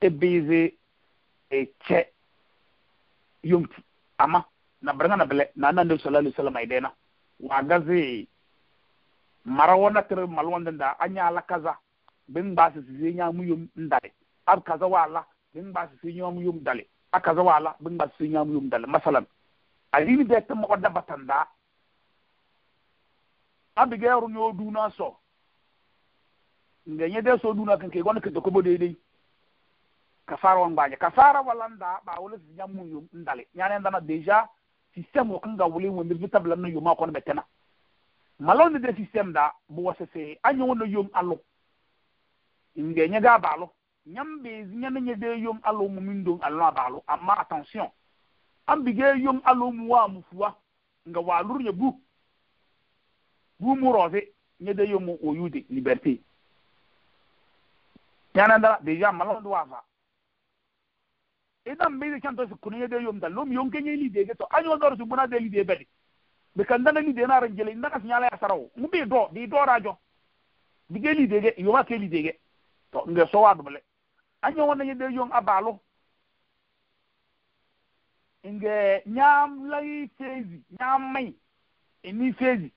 Speaker 1: e bise ekyɛ yomti ama na bɛrɛŋa na bɛlɛ na anan nabi sallallahu alaihi wasallam ayi na wa gaze mara wona tere malwon da anya ala kaza bin ba su su nya mu yom ndale ab kaza wala bin ba su su nya mu yom kaza akaza wala bin ba su nya mu yom ndale masalan alini de ta mako da batanda abiga yaro nyo duna so nganye de so duna kan ke gona ke ko bo dai kafara wan gbaje kafara wala nda ba wala si nyamu yum ndale nyane ndana deja system o kanga wuli wo mi vita bla no yum akon betena malon de system da bo wase se anyo wono yum alo inge nyaga balo nyambe nyane nyede yum alo mu mindo alo balo amma attention ambige yum alo mu wa mu fuwa nga walur nya bu bu mu roze nyede yum o yude liberté nyana ndala deja malon do wafa idan mbe kan to kunye de yom dalum yom kenye ni de to anyo dor su buna de li de bedi be kan dana li de na ran jele ndaka nyala ya saraw mu bi do di do rajo di ge li de ge yo ma ke li de ge to nge so wadu bele anyo wona ye de yom abalo nge nyam lay fezi nyam mai e ni fezi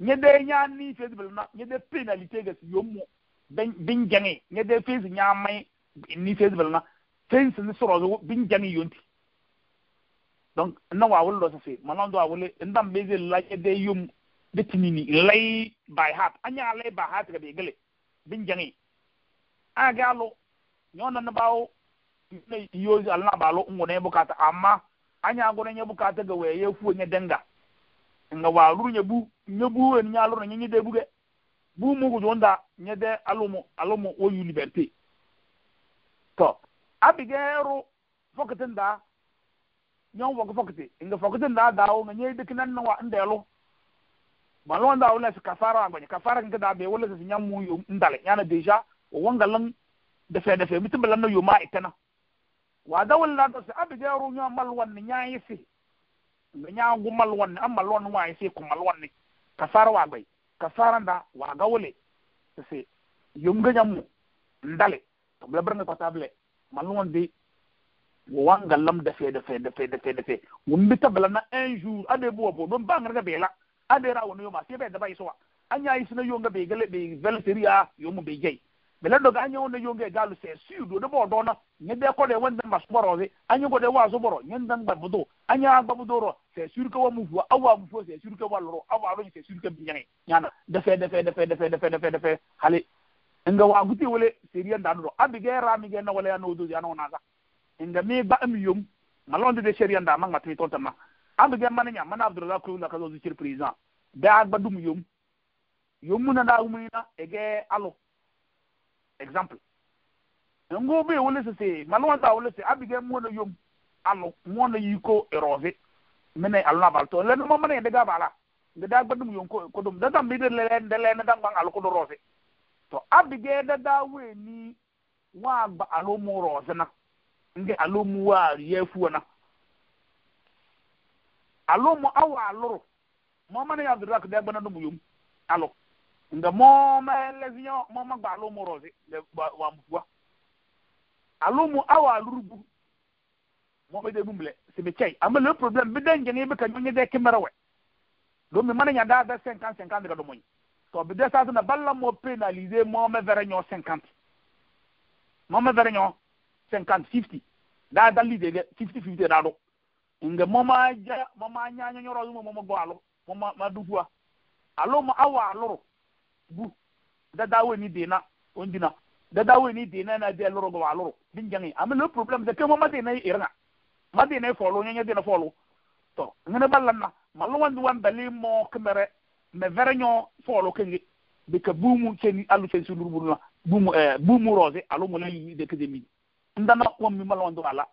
Speaker 1: nye de nyam ni fezi bele na nye de penalty ge yom mo ben ben jange nye de fezi nyam mai e ni fezi bele na fensi ni sɔrɔ so bin jani yonti donc na wa wolo dɔ sase mana dɔ a wolo nda mbeze lajɛ de yom de timini lay by heart anya lay by heart ka be gele bin jani a galo nyona na bawo ne alo alna balo ngone bukata amma anya gone nye bukata ga weye fu nye denga nka wa luru nye bu nye bu en nya na nye nye de bu ge bu mu go jonda nye de alumo alumo o liberté to abigero fokitin da nyon wog fokiti inga fokitin da dawo nga nyedi kinan nwa ndelo malon da wala su kafara agbanyi kafara kinka da be wala su nyam mu yo ndale yana deja o wangalan da fe da fe mitin balan no yo ma itana wa da wala da su abigero nyon malwan ni nyayi si nga nyaangu malwan ni amalwan wa yi si ku malwan ni kafara wa agbanyi kafara da wa ga wale se yum ga nyam ndale to blabra nga patable malon de wo wanga lam da fe da fe da fe da fe da fe wumbi tabala na un jour ade bo bo don bangar ga bela ade ra wono yoma sebe da bai sowa anya yi sina yonga be gele be velseria yomo be gay bela doga anya wono yonga galu se sudu do bo dona nye de ko de wanda masboro ze anya ko de wazo boro nyen dan ba budo anya ba budo ro se sur ko wa mufu awa mufu se sur ko wa loro awa ro se sur ko bi nyane nyana da fe da fe da fe da fe da fe da fe da fe hali inga waguti wole seria ndanuro abi ge rami ge na wala yanodo ya no naga inga mi ba mi yum malonde de seria nda manga tmi tonta ma abi ge mana nya mana abdurra ko la kazo zikir president be ag badum yum yum na na umi e na ege allo exemple ngo be wole se se malonde da wole se abi ge mo na yum allo mo na yiko erove mene allo na balto le no mo mane de ga bala de ag badum yum ko ko dum da tam bi de le le ndanga allo ko do rose to abige dada weni wa ba alomu rozana nde alomu wa yefu na alomu awa aloro mo mane ya drak de gbana no muyum alo nga mo ma lezinyo mo ma gba alomu rozi de wa mfuwa alomu awa alurubu mo be de bumle se me chei ama le problem bi dangene bi ka nyonye de kemera we do ya mane nya da da 50 50 de ka do tɔ bi dɛsɛ asena bala mo penalize mo mɛ vɛrɛ nyɔ cinquante mo mɛ vɛrɛ nyɔ cinquante fifty daa dali de dɛ fifty fifty daa do nga mo ma ja mo ma nya nya nyɔrɔ mo mo mo gbɔ alo mo ma ma dugu a alo mo awa aloro bu dada awo ni dena o n dina dada awo ni dena na de loro gbɔ aloro bi n jɛŋe ami le problème c'est que mo ma dena ye eranga ma dena ye fɔlo nyɛ nyɛ dena fɔlo tɔ ŋmɛnɛ ba lanna ma lɔn wa ni wa n bali mo kɛmɛrɛ. me vere nyo folo kenge be bumu keni alu fen sulur bulna bumu eh bumu rose alu mo lay de kedemi ndana ko mi malondo ala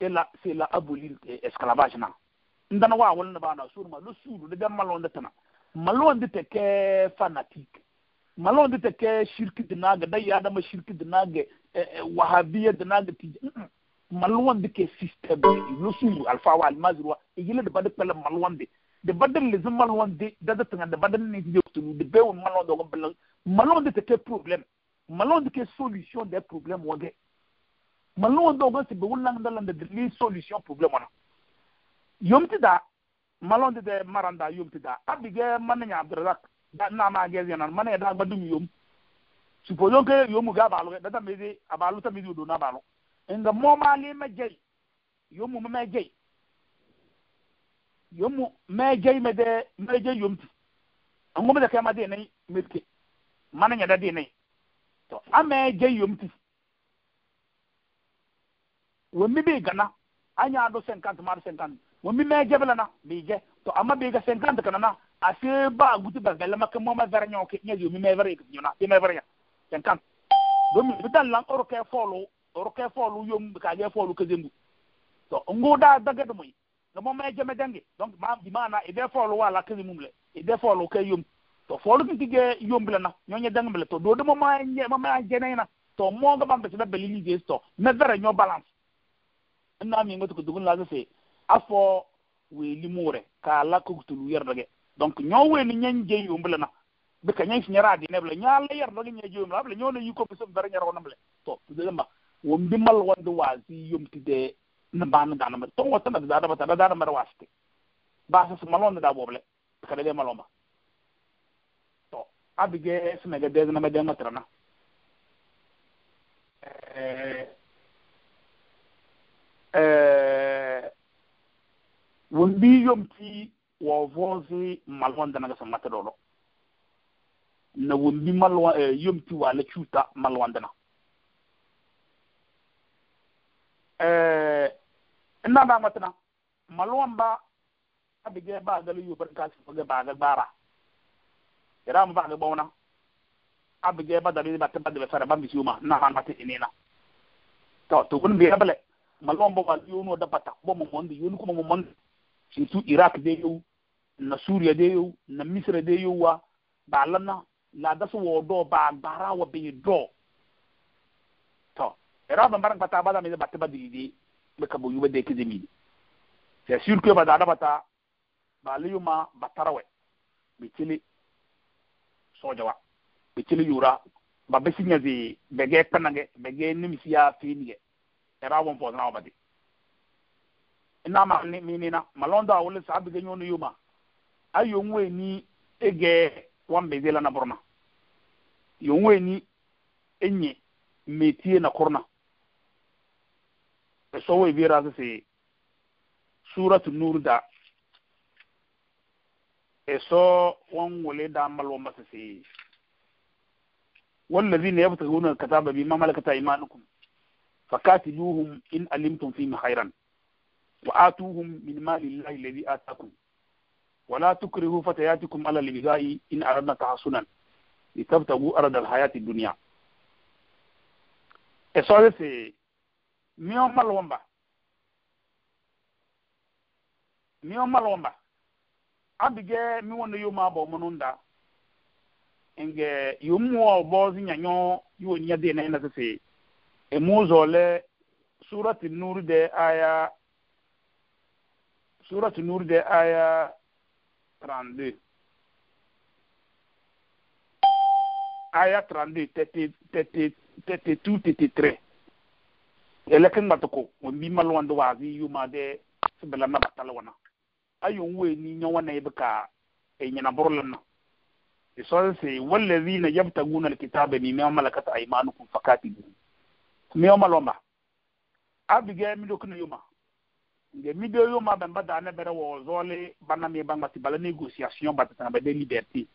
Speaker 1: ela c'est la abolir eh, esclavage na ndana wa wala na bana sur ma lu sulu de gam malondo tana malondo te ke fanatique malondo te ke shirki dinaga dai ya da ma shirki dinaga eh, eh, wahabiya dinaga ti mm, mm. malondo ke system sur sulu alfa wa almazwa igile e de bade pele malondo De badan li zon malon di, de zatengan, de badan li nif yo soun, di beyon malon dogan belan, malon di teke problem, malon di ke solisyon de problem wage. Malon dogan sebe ou lang da lande, li solisyon problem wana. Yon ti da, malon di de maranda yon ti da, api ge manen ya abdurazak, nan magez yanan, manen ya dag badum yon, suponyon ke yon muga balon, datan mezi, abalotan mezi yon do nan balon. Enge mou mali me jay, yon mou me me jay, yomu meje mede meje yomti ngum da kai made nai mirke mana nya da bi gana anya do 50 mar 50 na bije a amma bi ga 50 kana na ase ba guti ba bela ma zara nya oke nya yomi me vare nyona ti mɛ vare ya 50 do mi bidan lan oroke yom ka je folo ke na mo maje me dange donc ma bi mana e be folo wala ke mum le e be folo ke yum to folo bi ge yum le na nyo nye dange le to do do mo ma nye mo ma je na to mo ga bam be se be li ge sto me vera nyo balance na mi ngot ko dugun la ze se a fo we li mure ka la ko ko tulu yer dage donc nyo we ni nyen je yum le na be ka nyen fnyara di ne ble nya la yer dage nye yum la ble nyo le yu ko be se vera nyaro na ble to de ma wo mbimal wandu wa si yum ti de N ban nan dan nan men. Ton wotan nan nan nan nan nan nan nan meri wasti. Bas se se malon nan nan wable. Pekade de malon man. Ton. A bi genye se me genye de zan nan men den matre nan. E. E. Wondi yon ti wavonzi malon den nan gesen matre lor. N wondi yon ti wale chuta malon den nan. E. Eh, ina ba ngwatina maluwan ba bige ba ga liyu bar ka su ga ba a gagbara ira mu ba ga bauna bige ba da ba ta ba da sara ba mi ina na han mate inena to to kun biya bale maluwan ba wal yuno da bata bo mu mondi yunu kuma mu mondi shi tu iraq de yau na suriya de yau na misira de yau wa ba lanna la da su wo do ba gbara wa bi do to ira ba bar ka ba da mi ba ta ba di ɓe kabo yuɓe de kije miɗi c'est sûr que mbaɗa bata ba liyuma batarawe ɓe cili sojowa ɓe cili yura ba besiñasi ɓe ge penange ɓe ge nimisiya ge era won ma ni inama minina malonda wole sa abige ñonu yuma a nwe ni e ge na zelana yo nwe ni enye metie na korna sowai bira ta sai suratun nur da eso wan wale da malwa masa sai wallazi ne yabta gona kataba bi mamalakata fakati fakatiluhum in alimtum fi khairan wa tuhun min mali llahi alladhi atakum wala tukrihu fatayatikum ala libigai in ta duniya litabtagu arada alhayati dunya eso ta sai miŋ malwumba miŋ malwumba abige miŋ wonde yoma bo mununda nge yomuwo bozi nyanyo yuwo nyade na ina sese emuzo le surati nur de aya surati nur de aya trande, aya trande, 32 32 33 eleke ŋmati ko ŋun bi mali wanda waa ni yu ma de sibila na batali wana ayo ŋwe ni nya wana ibi ka e nyana burlan e na isolse wallazina yabtaguna alkitaba mimma malakat aymanukum fakatibu mimma malomba abige mi do kuna yuma nge mi do yuma ben bada ne bere wo zole bana mi bangba ti bala negotiation batata be de liberté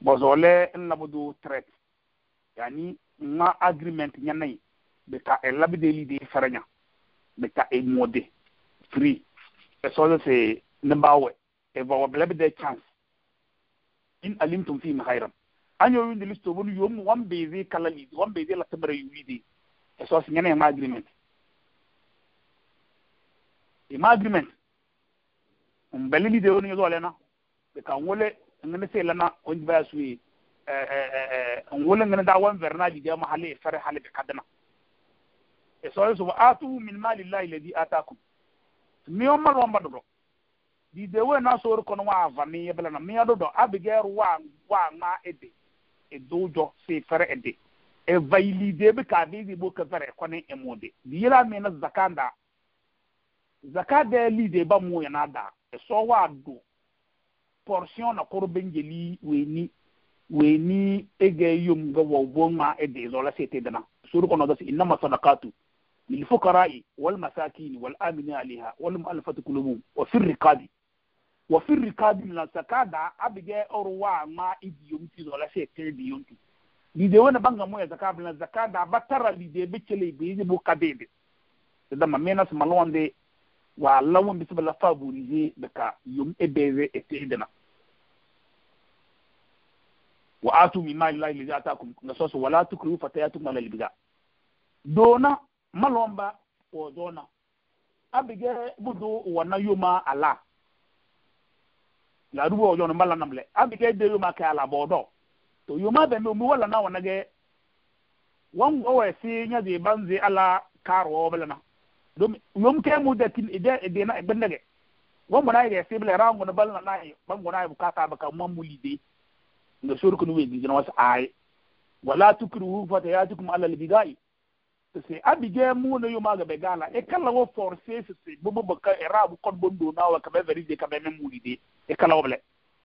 Speaker 2: bo zole
Speaker 1: en labudu trait yani ma agreement nyanai bɛ ta e labide yide fereña bɛ ta e moode free e soda se ne mbawe e bawa bɛ dɛ chance in alimtum fihim hayran año winde listo woni yomu wambeede kala liidi wambeede lattamere wiide e sosa ñane e ma agreement ɛ ma agreement on belle lide woni yo ɗolena ɓe kan wole ngene sehlana on mbaya suyi on wole ngene da won vernaji de ma haale e hali haale ka dana. esore so atuhu min mali llahi alladhi atakum miyo malwa madodo di de we na so ko no ava mi yebla na miya dodo abigail wa wa ma ede edojo se fere ede e vaili de be ka bi di bo ka fere ko ne emode di yela mi na zakanda zakada e li de ba mu ya na da e so wa do portion na koro benjeli we ni we ni ege yum ga wo bo ma ede zola se te dana suru ko no da inna masadaqatu للفقراء والمساكين والآمنين عليها والمؤلفة قلوبهم وفي الرقاب وفي الرقاب من الزكاة أبجى أروى ما إدي يمتي ولا شيء كيدي يمتي لذي وانا بانغا مويا زكاة من الزكاة بطر لذي بيتشلي بيزي بو كبيد لذا ما مينا سمالوان دي وعلاوان بسم الله فابوريزي بكا يوم إبيزي إتعدنا وآتوا مما الله الذي آتاكم نصوص ولا تكرهوا فتياتكم على البدع دونا malomba wodona abige budo wana yuma ala la rubo yo no mala namle abige de yuma ka ala bodo to yuma be no mu wala na wana ge wan go we si nya de banzi ala karo bela na dum yum ke mu da tin ide ide na ibn nage wan bona ge si bela rango na bala na yi ban gona bu kata ba ka mamuli de da surkun we di na wasu ay wala tukruhu fatayatukum ala al-bida'i sese abigɛ mu ne yoma ga bɛ gala e kala wo forcer sese bobo baka erabu kon bondo na wa ka bɛ verije ka bɛ mu ni e kala wo blɛ